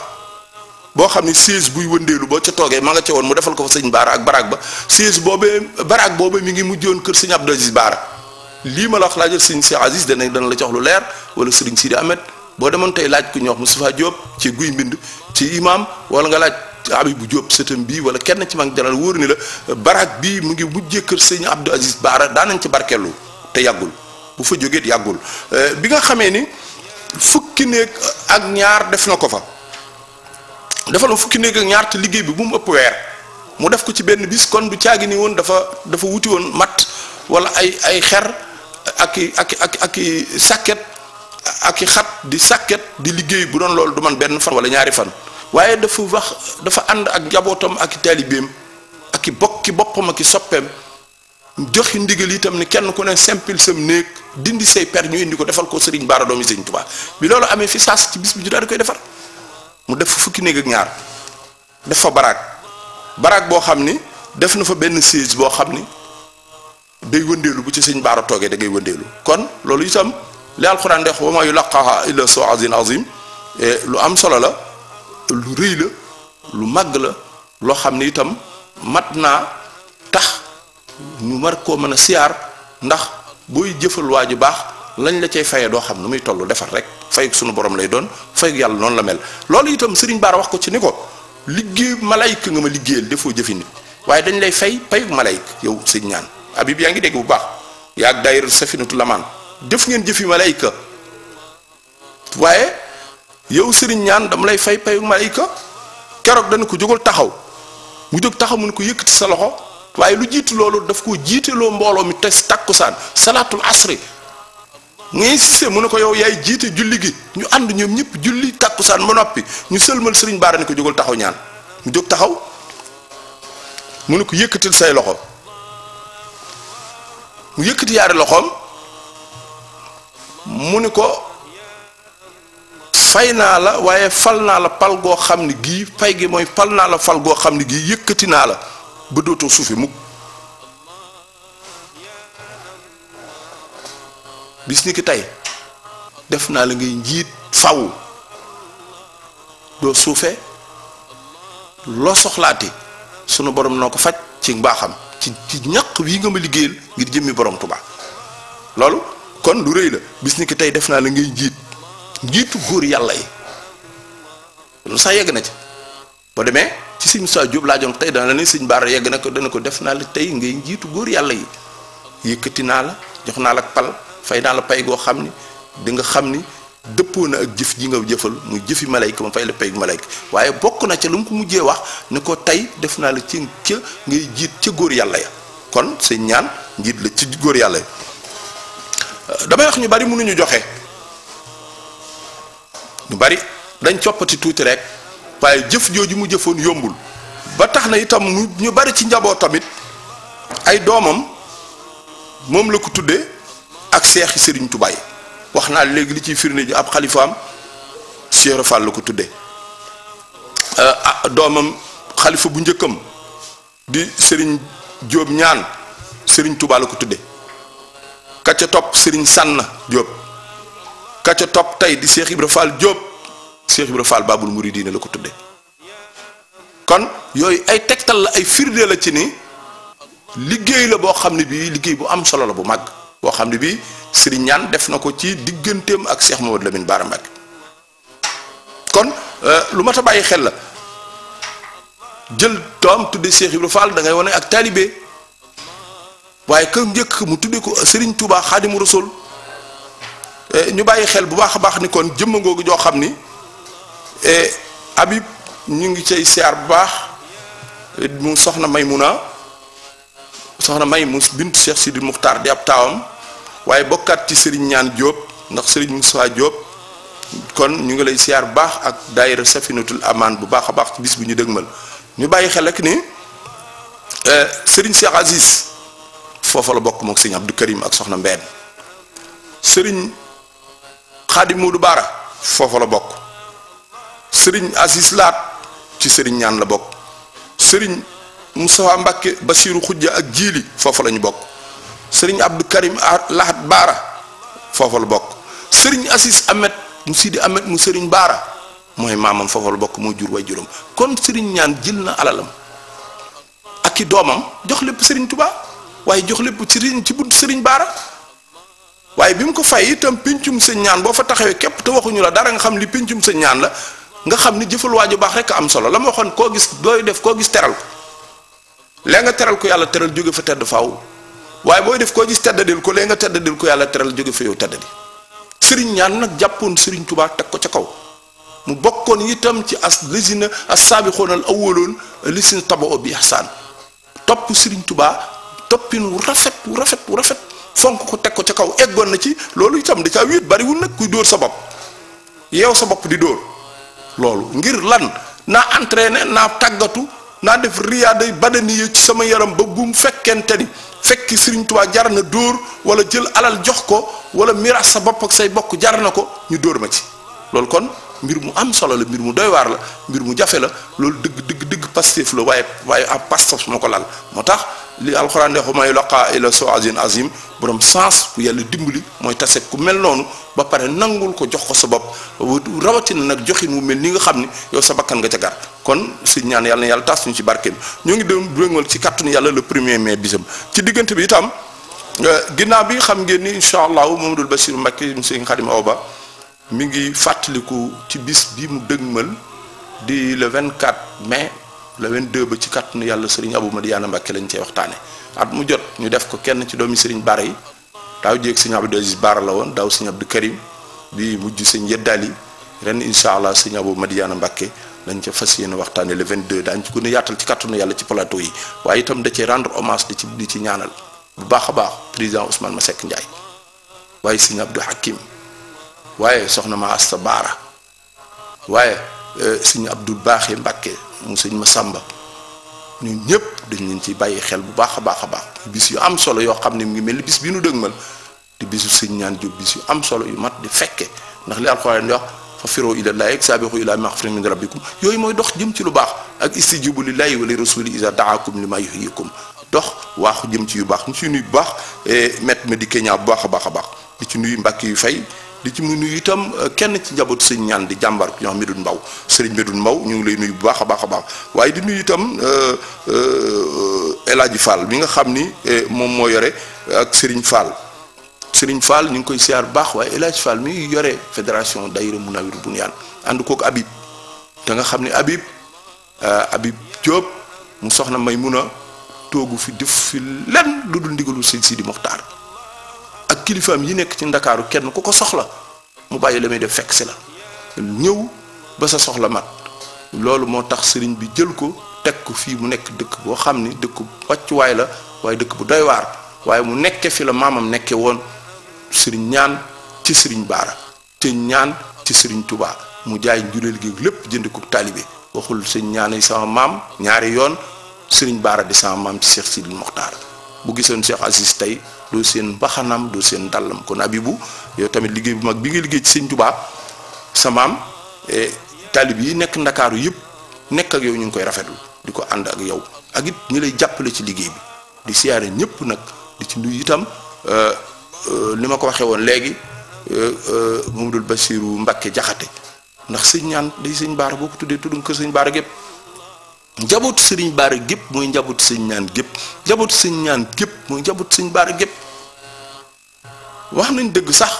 boo xam ne siège buy wëndeelu boo ca toogee ma nga ca woon mu defal ko fa sëñ baara ak baraag ba siège boobee baraag boobee mi ngi mujj mujjoon kër sëñ Abdou Aziz Baara lii ma la wax laa jël sëñ Cheikh Aziz dana la jox lu leer wala sëriñ Sidi ame boo demoon tey laaj ku ñuy wax Moustapha Diop ci guy mbind ci imam wala nga laaj Habibou Diop sëtam bii wala kenn ci mag jalal wóor ni la barak bii mu ngi mujjee kër sëñ Abdou Aziz Baara daanañ ci barkeelu te yàggul bu fa jógee yàggul euh, bi nga xamee ni fukki néeg ak ñaar def na ko fa defal ma fukki néeg ak ñaar te liggéey bi bu mu ëpp weer mu def ko ci benn bis kon du caagi ni woon dafa dafa wuti woon matt wala ay ay xer ak i ak ak ak i sàkket ak i xat di sàkket di liggéey bu doon loolu du man benn fan wala ñaari fan waaye dafa wax dafa ànd ak njabootam ak i taalibeem ak i bokki boppam ak i soppeem joxi ndigal itam ne kenn ku ne simple sam néeg dindi say per ñu indi ko defal ko Serigne Bara doomi Serigne Touba bi loolu amee fi saas ci bis bi ñu daal koy defar mu def fukki néeg ak ñaar def fa baraag baraag boo xam ni def na fa benn siège boo xam ni day wëndeelu bu ci sëñ baara toogee da ngay wëndeelu kon loolu li alxuraan dex wa ma yulaqaha illa so azin azim lu am solo la lu rëy la lu màgg la loo xam ni itam mat naa tax ñu mar koo mën a siyaar ndax booy jëfal waa ju baax lañ la cay fayee doo xam nu muy toll defar rek fayuk sunu borom lay doon fayuk yàlla noonu la mel loolu itam sëriñ Baara wax ko ci ni ko liggéey malayka nga ma liggéeyal defoo jëfi nit waaye dañ lay fay payu malayka yow sëñ ñaan Habib yaa ngi dégg bu baax yaa ak safinatu lamaan def ngeen jëfi malaika waaye yow sëriñ ñaan dama lay fay payu malaika keroog dañ ko jógal taxaw mu jóg taxaw mun ko yëkkati sa loxo waaye lu jiitu loolu daf ko jiiteloo mbooloo mi tes tàkkusaan salatul asri nga sise mu ne ko yow yaay jiite julli gi ñu ànd ñoom ñëpp julli tàkkusaan ba noppi ñu sëlmal sëriñ baara ni ko jógal taxaw ñaan mu jóg taxaw mu ko yëkkatil say loxo mu yëkkati yaari loxoom Muniko, fayna la waye falna la pal go xamni gi fay gi moy fal la fal go xamni gi yekati na la bu doto soufi mu bis ni ki tay def na la ngay njit faw do soufé lo soxlaati sunu borom noko fajj ci mbaxam ci ci wi nga ma liggéeyal ngir jëmmé borom tuba lolou kon lu rëy la bis ki tey def naa la ngay njiit njiitu góor yàlla yi lu sax yegg na ci boo demee ci sëñ Moussa Diop laajoon tey dana sëñ Baara yegg na ko dana ko def naa la tey ngay njiitu góor yàlla yi yëkkati naa la naa la pal fay naa la pay goo xam ni dinga xam ni dëppoo na ak jëf ji nga jëfal mu jëfi malayka ma fay la pay malayka waaye bokk na ca lu mu ko mujjee wax ni ko tey def naa la ci ca ngay jiit ci góor yàlla ya kon sëñ ñaan njiit la ci góor yàlla ya damay wax ñu bari mënuñu joxe ñu bari dañ coppati tuuti rek waaye jëf jooju mu jëfoon yombul ba tax na itam ñu bari ci njaboo tamit ay doomam moom la ko tudde ak seexi sëriñ tubaay wax naa léegi li ciy firnde ji ab xalifaam Cheikh Fall la ko tudde euh, ah, doomam xalifa bu njëkkam di sëriñ Jóob ñaan sëriñ Tuubaa la ko tudde ka ca top serigne san kaca ka ca top tay di Cheikh ibrahim Fall jóob Cheikh ibrahim Fall Babul Mouridine la ko kon yoy ay tektal la ay firnde la ci ni liggéey la bo xamni bi bii liggéey bu am solo la bu mag bo xamni bi serigne def nako ci digëntem ak Cheikh Lamine kon euh, lu mata bayyi dom xel la jël doom tuddé Cheikh ibrahim Fall da ngay woné ak talibé waaye kër njëkk mu tuddee ko sëriñ Serigne Touba mu Rasul eh, ñu bàyyi xel bu baax a baax ni kon jëmm googu joo xam ni eh, abib ñu ngi cay siyaar bu baax mu soxna may Maymuna soxna may mu bintu Cheikh Sidi Muxtaar di ab taawam waaye bokkaat ci Serigne Ñaan Diop ndax Serigne Moussa jóob kon ñu ngi lay siyaar bu baax ak daayira Safinatul Amaan bu baax a baax ci bis bu ñu dëgmal ñu bàyyi xel rek ni eh, Serigne Cheikh Aziz. foofa la bokk mook sëñ Abdou Karim ak soxna Mbeen sëriñ Xaadim Moodu Baara foofa la bokk sëriñ Asis Laat ci sëriñ la bokk sëriñ Moustapha Mbàkke Basiiru Xujja ak Jiili foofa la bokk sëriñ Abdou Karim Lahat Baara bokk sëriñ Asis Amet mu Sidi Amet mu sëriñ Baara mooy maamam foofa la bokk moo jur way juróom kon sëriñ ñaan jël na alalam ak doomam jox lépp sëriñ Tuubaa waaye jox lépp sëriñ ci buntu sëriñ baara waaye bi mu ko fay itam pencum sëñ ñaan boo fa taxawee képp te waxuñu la dara nga xam li pencum sëñ ñaan la nga xam ni jëfal waaju baax rek am solo la ma waxoon koo gis dooy def koo gis teral ko léegi nga teral ko yàlla teral jóge fa tedd faaw waaye booy def koo gis teddadil ko léegi nga teddadil ko yàlla teral jóge fa yow teddadi sëriñ ñaan nag jàppoon sëriñ tubaa teg ko ca kaw mu bokkoon itam ci as lisina as saabixoonal awwaloon lisina tabo bi ihsaan topp sëriñ Tuubaa toppin wu rafet wu rafet rafet fonk ko teg ko ca kaw eggoon na ci loolu itam da caa wéet bariwul nag kuy dóor sa bopp yeew sa bopp di dóor loolu ngir lan naa entraîné naa tàggatu naa def riyaada badani yi ci sama yaram ba bu mu fekkente ni fekki Sëriñ Tuubaa jar na dóor wala jël alal jox ko wala miraas sa bopp ak say bokk jar na ko ñu dóor ma ci loolu kon mbir mu am solo la mbir mu doy waar la mbir mu jafe la loolu dëgg dëgg Pastef la waaye waaye ab Pastef moo ko laal moo tax li alxuraan de xuma yulqa ila soazin azim borom sens ku yàlla dimbali mooy tase ku mel noonu ba pare nangul ko jox ko sa bopp rawatina nag joxin wu mel ni nga xam ni yow sa bakkan nga ca gar kon suñ ñaan yàlla na yàlla tas suñu ci barkeem ñoo ngi doon dëngal ci kàttanu yàlla le premier mai bisam ci diggante bi itam euh, ginnaaw bi xam ngeen ni incha allahu Mamadou Bachir Mbacké sëñ Xadim Awa Ba mi ngi fàttaliku ci bis bi mu dëgmal di le 24 mai le 22 ba ci kàttanu yàlla sëriñ Abou Madiana Mbacke lañ cey waxtaane at mu jot ñu def ko kenn ci doomi sëriñ Bara yi daaw jéeg sëñ Abdou Aziz Bara la woon daaw sëñ Abdou Karim bi mujj sëñ Yeddali ren incha allah sëñ Abou Madiana Mbacke lañ ca fas yéene waxtaane le 22 daañu ci gën a yaatal ci kàttanu yàlla ci plateau yi waaye itam da cee rendre hommage di ci di ci ñaanal bu baax a baax président Ousmane Masseck Ndiaye waaye sëñ Abdou Hakim waaye soxna ma Asta Bara waaye euh, sëñ Abdou Baaxe Mbacke mu sëñ ma sàmba ñun ñëpp dañ leen ci bàyyi xel bu baax a baax a baax bis yu am solo yoo xam ne mu ngi mel ni bis bi nu dëgmal di bisu sëñ ñaan jóg bis yu am solo yu mat di fekke ndax li alxuraan di wax fa firoo ila laahi ak saabixu ila maxfirin min rabbikum yooyu mooy dox jëm ci lu baax ak istijibu lillahi wa li rasuli isa daakum li ma yuhyikum dox waaxu jëm ci yu baax mu ci nuyu bu baax met ma di Kenya bu baax a baax a baax di ci nuyu mbàkk yu fay di ci mu nuyu itam euh, kenn ci njabootu sëñ ñaan di jàmbaar ku ñoo xam Mbaw sëriñ Medoune Mbaw ñu ngi lay nuy bu baax a baax a baax waaye di nuyu itam euh, euh, El Hadji mi nga xam ni moom moo yore ak sëriñ Fall sëriñ Fall ñu ngi koy siyaar bu baax waaye El Hadji Fall mi yore fédération Daïra Mounawir Bunyan ànd kook Habib da nga xam ni Habib Habib Diop mu soxna a toogu fi def fi lenn lu dul ndigalu sëñ Sidi Mokhtar kilifaam yi nekk ci ndakaaru kenn ku ko soxla mu bàyyi la muy def fekk si la ñëw ba sa soxla mat loolu moo tax sëriñ bi jël ko teg ko fii mu nekk dëkk boo xam ni dëkk wàccuwaay la waaye dëkk bu doy waar waaye mu nekke fi la maamam nekkee woon sëriñ ñaan ci sëriñ baara te ñaan ci sëriñ tubaa mu jaay njureel gi lépp jënd ko taalibe waxul sëñ ñaan yi sama maam ñaari yoon sëriñ baara di sama maam ci Cheikh Sidil Mokhtar bu gisoon Cheikh Aziz tey doo seen mbaxanam doo seen dàllam kon Abibu yow tamit liggéey bu mag bi nga liggéey ci Sëñ Tuubaa sa maam e, taalib yi nekk ndakaaru yëpp nekk ak yow ñu ngi koy rafetlu di ko ànd ak yow ak it ñi lay jàppale ci liggéey bi di siyaare ñëpp nag di ci nuyu itam li e, e, ma ko waxee woon léegi Mamadou Bassirou Mbacké Jaxate ndax sëñ ñaan day sëñ baara boo ko tuddee tudd nga ko sëñ baara gépp njabut siring bari gep moy njabut serigne ñaan gep njabut serigne ñaan gep moy njabut serigne bari gep wax nañ deug sax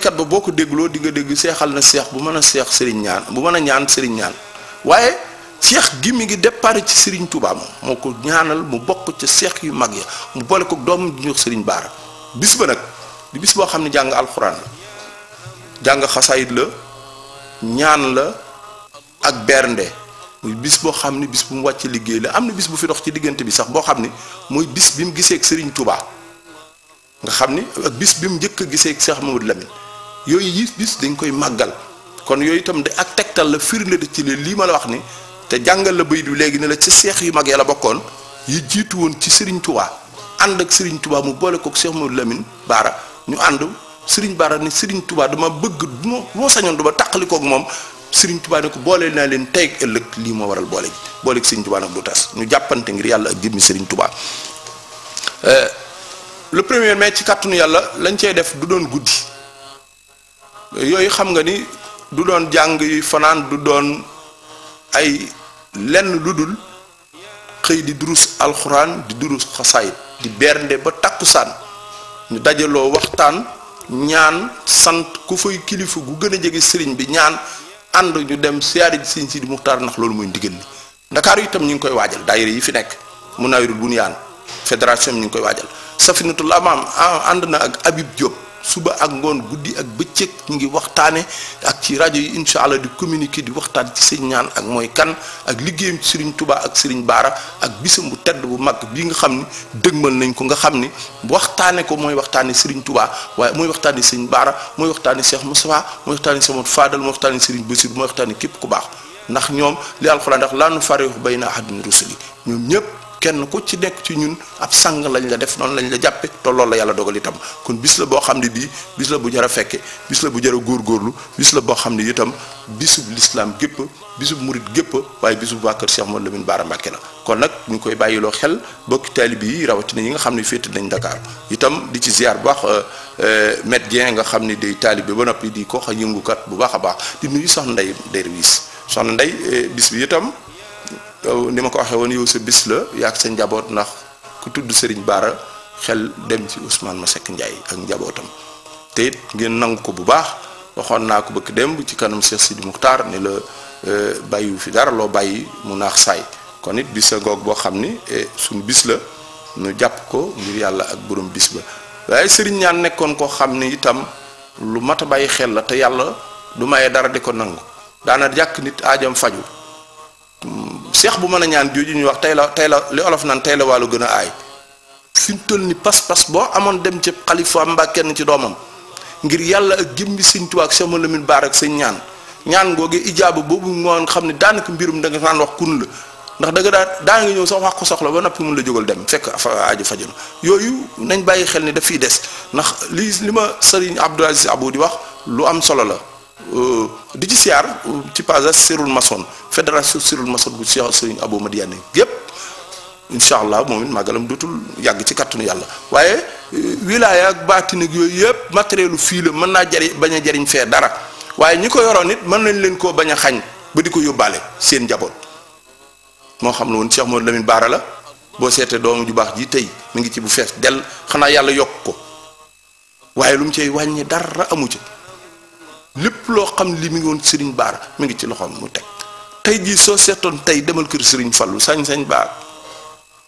kat ba degusah deglo di nga dégg seexal na seex bu meuna a serigne sëriñ ñaan bu meuna ñaan serigne ñaan waye seex gi mi ngi départ ci serigne Touba moom ñaanal mu bok ci seex yu mag ya mu boole ko doom di serigne bar bis ba nak di bis bo xamni jang alquran jang khasaid la ñaan la ak bernde muy bis boo xam ni bis bu mu wàcc liggéey la am na bis bu fi dox ci diggante bi sax boo xam ni mooy bis bi mu gisee ak Serigne Touba nga xam ni ak bis bi mu njëkk a gisee ak Cheikh Mamadou yooyu yi bis dañ koy màggal kon yooyu itam de ak tegtal la firnde ci lii ma la wax ni te jàngal la bay du léegi ne la ca seex yu mag la bokkoon yi jiitu woon ci Serigne Touba ànd ak Serigne tubaa mu boole kook Cheikh Mamadou Lamine Baara ñu ànd sëriñ Baara ni Serigne tubaa dama bëgg du boo sañoon du ma taqali koog moom serigne touba nak bolé na len tay ëlëk li mo waral bolé bolé serigne touba nak du tass ñu jappante ngir yalla ak jëmmi serigne touba euh le premier mai ci katunu yalla lañ cey def du doon guddi yoy xam nga ni du doon jang yi fanan du doon ay lenn ludul xey di durus alquran di durus khasaid di bernde ba takusan ñu dajalo waxtaan ñaan sant ku fay kilifu gu gëna jëgé serigne bi ñaan ànd ñu dem siyaare ji Sëriñ Sidi Muxtaar ndax loolu mooy ndigal li Ndakaaru itam ñu ngi koy waajal daayira yi fi nekk mu nawirul bunyaan fédération bi ñu koy waajal Safinatoul Amam ànd na ak abib Diop suba ak ngoon guddi ak bëccëg ñu ngi waxtaane ak ci rajo yi incha allah di communiquer di waxtaan ci sëñ ñaan ak mooy kan ak liggéeyam ci Serigne tubaa ak Serigne Baara ak bisam bu tedd bu mag bi nga xam ni dëgmal nañ ko nga xam ni waxtaane ko mooy waxtaan waxtaane Serigne tubaa waaye mooy waxtaane Serigne Baara mooy waxtaane Cheikh Moustapha mooy waxtaane Samad Fadal mooy waxtaane Serigne Bassir mooy waxtaane képp ku baax ndax ñoom li alxuraan ndax laa nu fariqu bayna ahadin rusuli ñoom ñëpp. kenn ku ci nekk ci ñun ab sang lañ la def noonu lañ la jàppe te loolu la yàlla dogal itam kon bis la boo xam ne bii bis la bu jar a fekke bis la bu jar a góorgóorlu bis la boo xam ne itam bisub lislaam gépp bisub murit gépp waaye bisub waa kër Cheikh Mouhamadou Lamine Bara Mbacké la kon nag ñu koy bàyyiloo xel bokki taalibe yi rawatina ñi nga xam ne féete nañ Dakar itam di ci ziar bu baax euh, euh, Met Dieng nga xam ne day taalibe ba noppi di ko a yëngukat bu baax a baax di nuyu soxna Ndey Derwiis soxna Ndey euh, bis bi itam nima ko waxe won yow sa bis la yaag sa njabot ndax ku tuddu Serigne Bara xel dem ci Ousmane masek Ndiaye ak njabotam te it ngeen nang ko bu baax waxon na ko bëkk dem ci kanam Cheikh Sidi mukhtar ne la euh, bayu fi dara lo bayyi mu nax say kon it bis gog bo xamni e sun suñu bis la ñu ko ngir yalla ak borom bis ba Serigne ñaan nekkon ko xamni itam lu mata a xel la te yalla du maye dara diko nang daana jak nit aajam faju seex bu mën a ñaan jooju ñuy wax tey la tey la li olof naan tey la wàllu gën a aay fi mu toll ni pas-pas boo amoon dem ci xalifa mbaa kenn ci doomam ngir yàlla ak jëmbi sëñ Tuubaa ak sama Lamin Baar ak sëñ ñaan ñaan googu ijaaba boobu ngoon xam ne daanaka mbirum da nga naan wax kun la ndax da nga daa daa nga ñëw sax wax ko soxla ba noppi mun la jógal dem fekk aaju fajul yooyu nañ bàyyi xel ne daf des ndax li li ma sëriñ Abdou Aziz Abou di wax lu am solo la Euh, di ci siyaar euh, ci passage Sirul Maçon fédération Sirul Maçon bu Cheikh Serigne Abou Madiane yépp incha allah moom it màggalam yàgg ci kattanu yàlla waaye euh, wilaya ak baatinik yooyu yëpp matériel fii la mën naa jari bañ a jariñ fee dara waaye ñi ko yoroon it mën nañ leen koo bañ a xañ ba di ko yóbbaale seen njaboot moo xam ne woon Cheikh Modou Lamine Baara la boo seetee doom ju baax ji tey mu ngi ci bu fees dell xanaa yàlla yokk ko waaye lu mu cay wàññi dara amu ci. lépp loo xam li mi ngi woon Serigne Bara mi ngi ci loxoom mu teg tey jii soo seetoon tey demal kër Serigne falu sañ-sañ Bara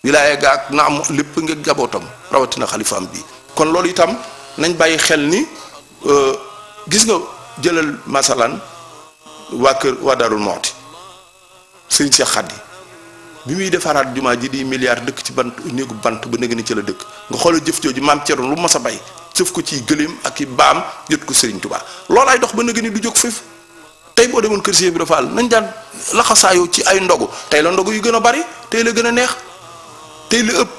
wilaaya ga ak na am lépp nga jabootam rawatina xalifaam bi kon loolu itam nañ bàyyi xel ni euh, gis nga jëlal masalan waa kër waa Daarul Mooti Serigne Cheikh Khady bi muy defaraat jumaa ji di milliard dëkk ci bant néegu bant ba néeg ni ci la dëkk nga xoolal jëf jooju maam Cerno lu ma a bay jëf ko ci gëléem ak i baam jot ko Serigne Touba ay dox ba néeg ni du jóg foofu tey boo demoon kër si bi dafa nañ daan laxasaayoo ci ay ndogu tey la ndogu yu gën a bari tey la gën a neex tey la ëpp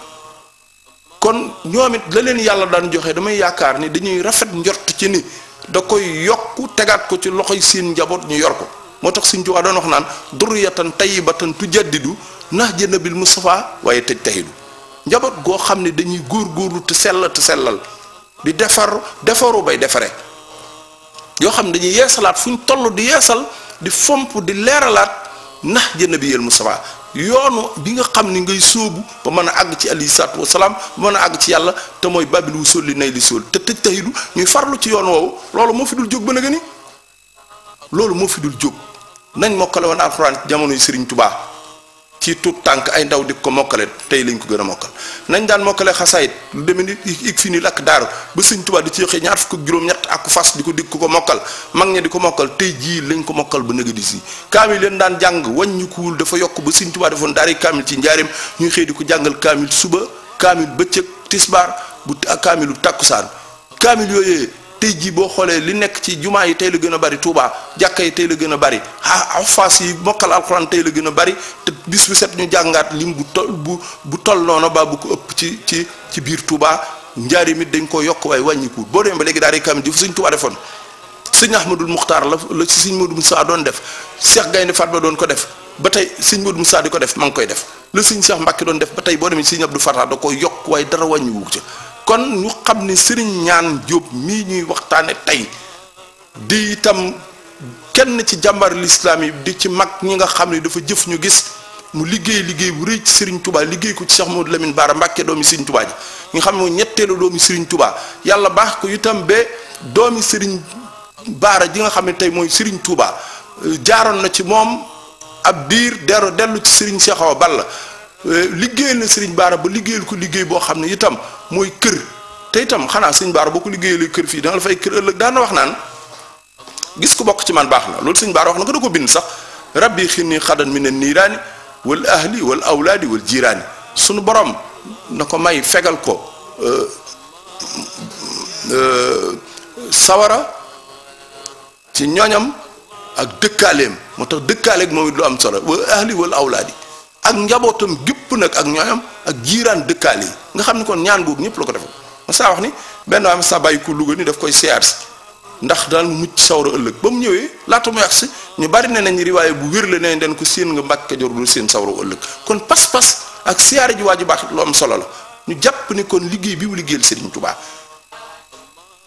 kon ñoom it leen yàlla daan joxe damay yaakaar ni dañuy rafet njort ci ni da koy yokk tegaat ko ci loxoy seen njaboot ñu yor ko moo tax suñ juwaa doon wax naan durriyatan tayyibatan tujaddidu nax bi bil Moustapha waaye tëj taxidu njaboot goo xam ne dañuy góor góorlu te sell te sellal di defar defaru bay defare yoo xam ne dañuy yeesalaat fu ñu toll di yeesal di fomp di leeralaat nax jënna bi yël Moustapha yoonu bi nga xam ni ngay sóobu ba mën a àgg ci alayhi salaatu wasalaam ba mën a àgg ci yàlla te mooy babil wu sóol li nay li sóol te tëj taxidu ñuy farlu ci yoon woowu loolu moo fi dul jóg ba nga ni loolu moo fi dul jóg nañ mokkale woon alxuraan jamono yu Sëriñ Tubaa ci tuut tànk ay ndaw di ko mokkale tey lañ ko gën a mokkal nañ daan mokkalee xasaayit lu demee ni ig fi nii ak daar ba sëñ Tuubaa di ci yoxe ñaar fukk juróom-ñett ak fas di ko dig ko mokkal mag ña di ko mokkal tey jii lañ ko mokkal ba nëga di si kaamil leen daan jàng wàññikuwul dafa yokk ba sëñ Tuubaa oon daari kaamil ci njaarim ñuy xëy di ko jàngal kaamil suba kaamil bëccëg tisbaar bu kaamilu takkusaan kaamil yooyee tey jii boo xoolee li nekk ci jumaa yi tey la gën a bari Touba jàkka yi tey la gën a bari ah xafaas yi mokkal alxuraan tey la gën a bari te bis bu set ñu jàngaat lim bu tol bu bu toll noonu ba bu ko ëpp ci ci ci biir Touba njaarim it dañ koo yokk waaye wàññikuwul boo demee ba léegi daal di kam di fa suñ Touba defoon sëñ Ahmadul Muxtaar la la ci sëñ Modou Moussa doon def Cheikh Gaynde Fatma doon ko def ba tey sëñ Modou Moussa di ko def ma ngi koy def la sëñ Cheikh Mbacke doon def ba tey boo demee sëñ Abdou Fatah da ko yokk waaye dara wàññiwu ca kon ñu xam ne Serigne Ñaan Jóob mii ñuy waxtaane tey di itam kenn ci jàmbar lislaam yi di ci mag ñi nga xam ne dafa jëf ñu gis mu liggéey liggéey bu rëy ci Serigne liggéey ko ci Cheikh Modou Lamine Bara Mbàkke doomi Serigne Touba ji nga xam ne mooy ñetteelu doomi Serigne Touba yàlla baax ko itam ba doomi Serigne Bara ji nga xam ne tey mooy Serigne Touba jaaroon na ci moom ab biir dero dellu ci Serigne Cheikh Awa Balla Euh, liggéeyal na Serigne Bara ba liggéeyal ko liggéey boo xam ne itam mooy kër te itam xanaa Serigne Bara boo ko liggéeyalee kër fii da nga la fay kër ëllëg daan na wax naan gis ko bokk ci man baax na loolu Serigne Bara wax na ko da ko bind sax rabbi nii xadan mi ne niiraani wal ahli wal awlaadi wal jiiraani sunu borom na ko may fegal ko euh, euh, sawara ci ñoñam ak dëkkaaleem moo tax dëkkaaleeg moom it am solo wal ahli wal awlaadi ak njabootam gépp nag ak ñooyam ak jiiraan dëkkaale yi nga xam ni kon ñaan boobu ñëpp la ko defal ma saa wax ni benn waa sa saa bàyyi ko Louga ni daf koy siyaar si ndax daan mucc sawra ëllëg ba mu ñëwee laata muy agsi ñu bari ne nañ riwaaye bu wér la ne den ko séen nga Mbàkke Kajoor dul séen sawra ëllëg kon pas-pas ak siyaare ji waa ju baax lu am solo la ñu jàpp ni kon liggéey bi mu liggéeyal Serigne Touba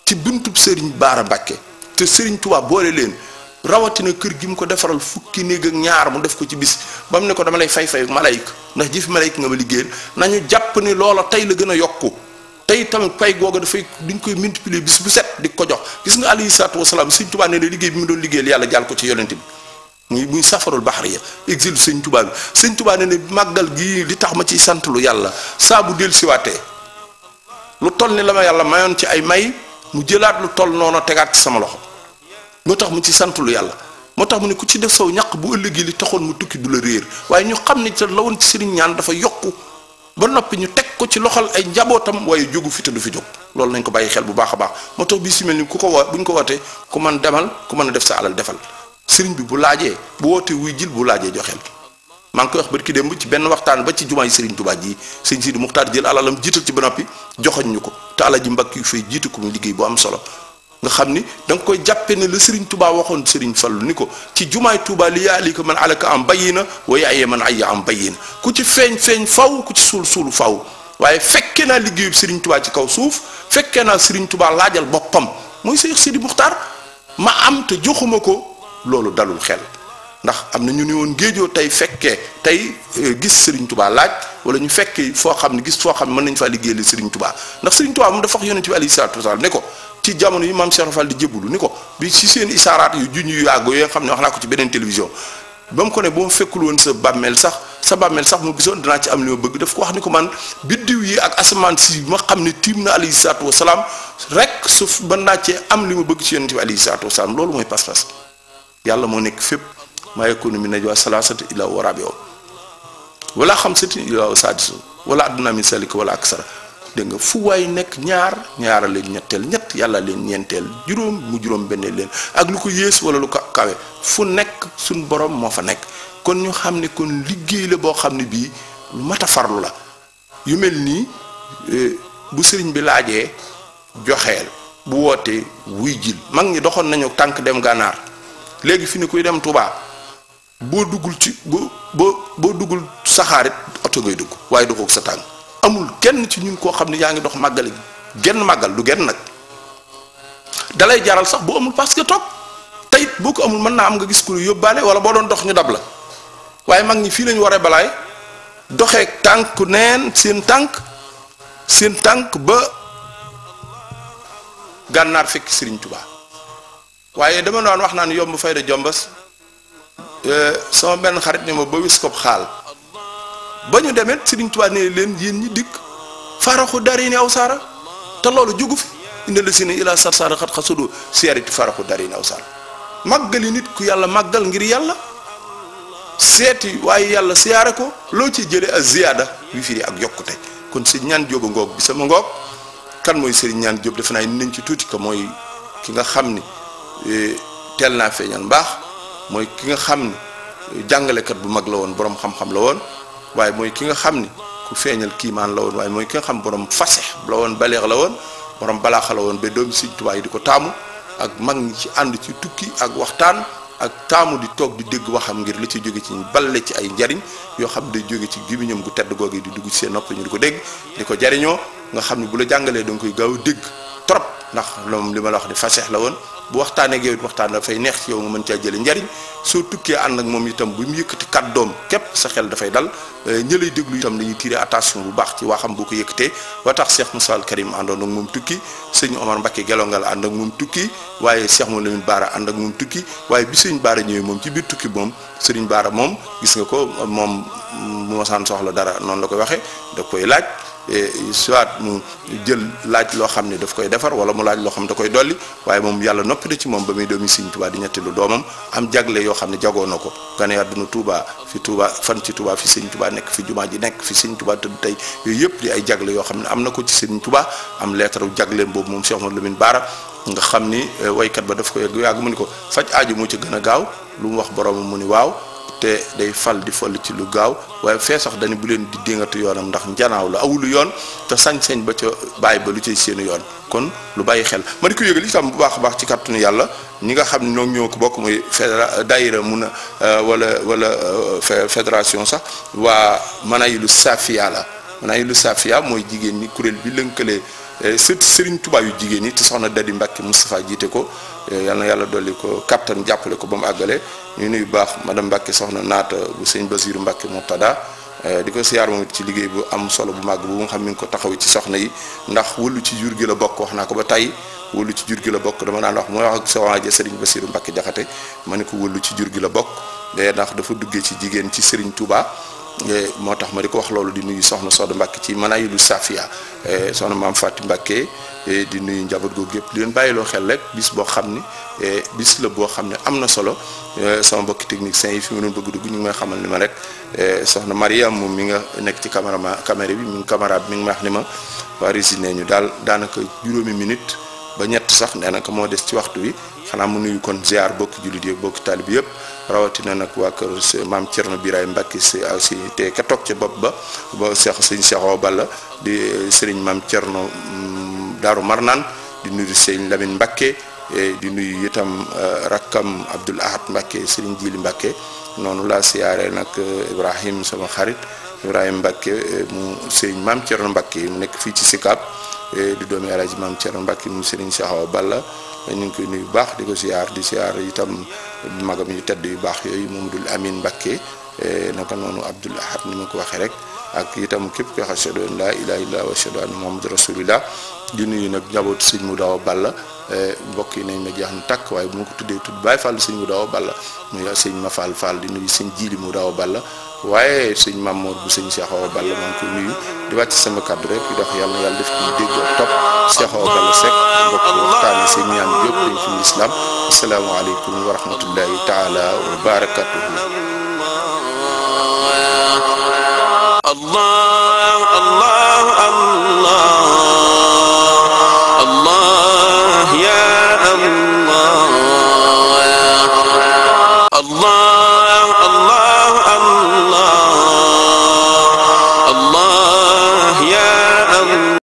ci buntub Serigne Baara Mbàkke te Serigne Touba boole leen rawatina kër gi mu ko defaral fukki néeg ak ñaar mu def ko ci bis ba mu ne ko dama lay fay fay malayka ndax jëf malayka nga ma liggéeyal nañu jàpp ni loola tey la gën a yokku tey tamit pay googa dafay duñ koy multiplier bis bu set di ko jox gis nga alayhi salaatu wasalaam sëñ tubaa nee bi mu doon liggéeyal yàlla jàll muy safarul baxar ya exil sëñ tubaa bi sëñ tubaa nee na màggal gii li tax ma ciy sant yàlla saa bu del siwaatee lu toll ni la ma yàlla mayoon ci ay may mu jëlaat lu toll noonu tegaat sama loxo moo tax mu ci sant lu yàlla moo tax mu ne ku ci def saw ñaq bu ëllëgee li taxoon mu tukki du la réer waaye ñu xam ne te la woon ci sëriñ ñaan dafa yokk ba noppi ñu teg ko ci loxol ay njabootam waaye jógu fi te du fi jóg loolu nañ ko bàyyi xel bu baax a baax moo tax bii si mel ni ku ko wa bu ñu ko wootee ku demal ku mën a def sa alal defal sëriñ bi bu laajee bu wootee wuy jil bu laajee joxeel maa ngi koy wax barki démb ci benn waxtaan ba ci jumaay Serigne Touba ji sëñ Sidi Muxtaar jël alalam jiital ci ba noppi joxoñ ñu ko te alal ji mbakk yu fay jiitu ko mu liggéey bu am solo nga xam ni da nga koy jàppe ne la Serigne tubaa waxoon Serigne Fallou ni ko ci jumaay tubaa li yaa lii ko man alaka am bayyi na wa yaayee man ayya am bayyi ku ci feeñ feeñ faw ku ci suul suulu faw waaye fekke naa liggéeyub Serigne Touba ci kaw suuf fekkee naa Serigne tubaa laajal boppam mooy Cheikh Sidi Muxtaar ma am te joxuma ko loolu dalul xel ndax am na ñu ni woon géejoo tey fekkee tey euh, gis Serigne Touba laaj wala ñu fekkee foo xam ni gis foo xam ne mën nañ faa liggéeyal Serigne Touba ndax Serigne Touba moom dafa wax yonent bi alayhi salaatu ne ko ci jamono yi maam Cheikh Fall di jébbalu ni ko bi si seen isaaraat yu junj yu yàgg yooyu nga xam ne wax naa ko ci beneen télévision ba mu ko ne boo fekkul woon sa bàmmeel sax sa bàmmeel sax mu gisoon danaa ci am li ma bëgg daf ko wax ni ko man biddiw yi ak asamaan si ma xam ne tiim na alayhi salaatu wasalaam rek suuf mën naa cee am li ma bëgg ci yonent bi alayhi salaatu loolu mooy pas-pas yàlla moo nekk fépp maa yakunu najwaa salaasati illaa huwa raabihum wala xamsatin illaa huwa wala adnaa min zaalika wala aksara dégg nga fu waay nekk ñaar ñaara ñetteel ñett yàlla leen ñeenteel juróom mu juróom bennee leen ak lu ko yées wala lu ko kawe fu nekk suñ borom moo fa nekk kon ñu xam ne kon liggéey la boo xam ne bii lu mat a farlu la yu mel nii euh, bu sëriñ bi laajee joxeel bu wootee wuy jil mag ñi doxoon nañu tànk dem gànnaar léegi fi ni kuy dem Touba boo duggul ci boo boo boo duggul saxaarit oto ngay dugg waaye du ko sa tànk amul kenn ci ñun koo xam ne yaa ngi dox màggal genn màggal lu genn nag dalay jaral sax bu amul parce que toog tayit boo ko amul mën naa am nga gis ku lu yóbbaale wala boo doon dox ñu dab la waaye mag ñi fii lañu waree balaay doxee tànk neen seen tànk seen tànk ba gànnaar fekk Serigne Touba waaye dama doon wax naan yomb fayda jombas euh, sama benn xarit ne ma ba wis ko xaal ba ñu demet Sëriñ Tuubaa ne leen yéen ñi dikk faaraxu dari aw saara te loolu jugu fi indi la si ne ilaa sar saara xat xasudu seeriti faaraxu dari ni aw saara màggali nit ku yàlla màggal ngir yàlla seeti waaye yàlla siyaare ko loo ci jële ak ziyaada wi firi ak yokkute kon si ñaan jóoba ngoog bi sama ngoog kan mooy sëriñ ñaan jóob defe naa ni nañ ci tuuti ko mooy ki nga xam ni e, teel naa feeñal mbaax mooy ki nga xam ni jàngalekat bu mag la woon boroom xam la woon waaye mooy ki nga xam ni ku feeñal kiimaan la woon waaye mooy ki nga xam borom fase la woon baleex la woon borom balaaxa la woon ba doomi Sëñ Tuubaa di ko taamu ak mag ñi ci ànd ci tukki ak waxtaan ak taamu di toog di dégg waxam ngir li ci jóge ci balle ci ay njariñ yoo xam day jóge ci gémmiñam gu tedd googu di dugg ci seen nopp ñu di ko dégg di ko jariñoo nga xam ne bu la jàngalee da nga koy gaaw dégg trop ndax moom li ma la wax di faseex la woon bu waxtaanee ak yow it waxtaan dafay neex ci yow nga mën caa jëlee njariñ soo tukkee ànd ak moom itam bu mu yëkkati doom képp sa xel dafay dal euh, ñi lay déglu itam dañuy tiré attention bu baax ci waxam boo ko yëkkatee wa tax Cheikh Moussa Al Karim àndoon ak moom tukki sëñ Omar Mbacké Gelongal ànd ak moom tukki waaye Cheikh moom Lamine Baara ànd ak moom tukki waaye bi sëñ Baara ñëwee moom ci biir tukki moom sëriñ Baara moom gis nga ko moom mu masaan soxla dara noonu la koy waxee da laaj soit mu jël laaj loo xam ne daf koy defar wala mu laaj loo xam ne da koy dolli waaye moom yàlla noppi na ci moom ba muy doomi Sëriñ Tuubaa di ñetteelu doomam am jagle yoo xam ne jagoo na ko gane àdduna tubaa fi Tuubaa fan ci tubaa fi Sëriñ Tuubaa nekk fi jumaa ji nekk fi Sëriñ te tëdd tey yooyu yëpp di ay jagle yoo xam ne am na ko ci Sëriñ tubaa am leetaru jagleem boobu moom Cheikh Mouhamadou Lamine Bara nga xam ni eh, waykat ba daf ko yegg yàgg mu ni ko faj aaju moo ci gën a gaaw lu mu wax boroomam mu ni waaw te day fal di fal ci lu gaaw waaye fee sax dañu bu leen di déngatu yoonam ndax njanaaw la awulu yoon te sañ-sañ ba ca bàyyi ba lu cay seenu yoon kon lu bàyyi xel ma di ko yëgal itam bu baax a baax ci kàttanu yàlla ñi nga xam ne ñoom ñoo ko bokk muy fédéra daayira mun a euh, wala wala euh, fédération sax waa manayilu safiya la manayilu safiya mooy jigéen ñi kuréel bi lënkale surtout tubaa yu jigéen ñi te soxna Dadi Mbacke Moustapha jiite ko yal na yàlla dolli ko kattan jàppale ko ba mu àggale ñu nuyu baax madame Mbacke soxna naata bu sëñ Basiru Mbacke Murtada di ko siyaar moom ci liggéey bu am solo bu màgg bu nga xam mi ngi ko taxaw ci soxna yi ndax wëllu ci jur gi la bokk wax naa ko ba tey wëllu ci jur gi la bokk dama naan wax mooy wax ak soxna ja Serigne Basiru Mbacke Jaxate ma ne ko wëllu ci jur gi la bokk ndax dafa duggee ci jigéen ci Serigne tubaa Eh, moo tax ma di ko wax loolu di nuyu soxna Soda Mbacke ci lu Safia eh, soxna maam Fatou Mbacke eh, di nuyu njaboot googu yëpp di leen bàyyiloo xel rek bis boo xam ni bis la boo xam ne am na solo sama mbokki technicien yi fi ma doon bëgg dugg ñu ngi may xamal ni ma rek soxna Mariam moom mi nga nekk ci caméra caméra bi mi ngi mi ngi may wax ni ma waa Rési nee ñu daal daanaka juróomi minute ba ñett sax nee na moo des ci waxtu wi. xanaa mu nuyu kon ziar bokki jullit yi bokki taalib yëpp rawatina nag waa kër maam Thierno Biraye Mbacke si aussi te ka toog ci bopp ba boo Cheikh sëñ Cheikh Balla di eh, sëriñ maam Thierno mm, Daaru Marnaan di nuyu sëriñ Lamine Mbacke eh, di nuyu itam eh, rakkam Abdoul Ahad Mbacke sëriñ Jili Mbacke noonu laa siyaare nag Ibrahim sama xarit Ibrahim Mbacke mu sëriñ maam Thierno Mbacke mu nekk fii ci Sicap di doomi El Hadj Maam Thierno Mbacke mu Serigne Cheikh Awa Balla ñu ngi koy nuy bu baax di ko siyaar di siyaar itam magam yu tedd yu baax yooyu Mamadou Amine Mbacke naka noonu Abdoul Ahad nu ma ko waxee rek ak itam képp ko ashhadu an laa ilaaha illallaah wa ashhadu anna Muhammadan rasuulullaah di nuyu nag njabootu sëñ mu daaw Balla mbokk yi nañ ma jeex ñu tàkk waaye bu tuddee tudd Baay Fall sëñ mu daaw Balla muy sëñ ma Fall Fall di nuyu sëñ Jiili mu daaw Balla waaye sëñ Mamour bu sëñ Cheikh Awa Balla maa koy nuyu di wàcc sama kàddu rek di dox yàlla yàlla def ñu dégg topp Cheikh Awa Balla Seck mbokk waxtaane seen ñaan yëpp dañ fi lislaam asalaamaaleykum wa rahmatullahi taala wa Allah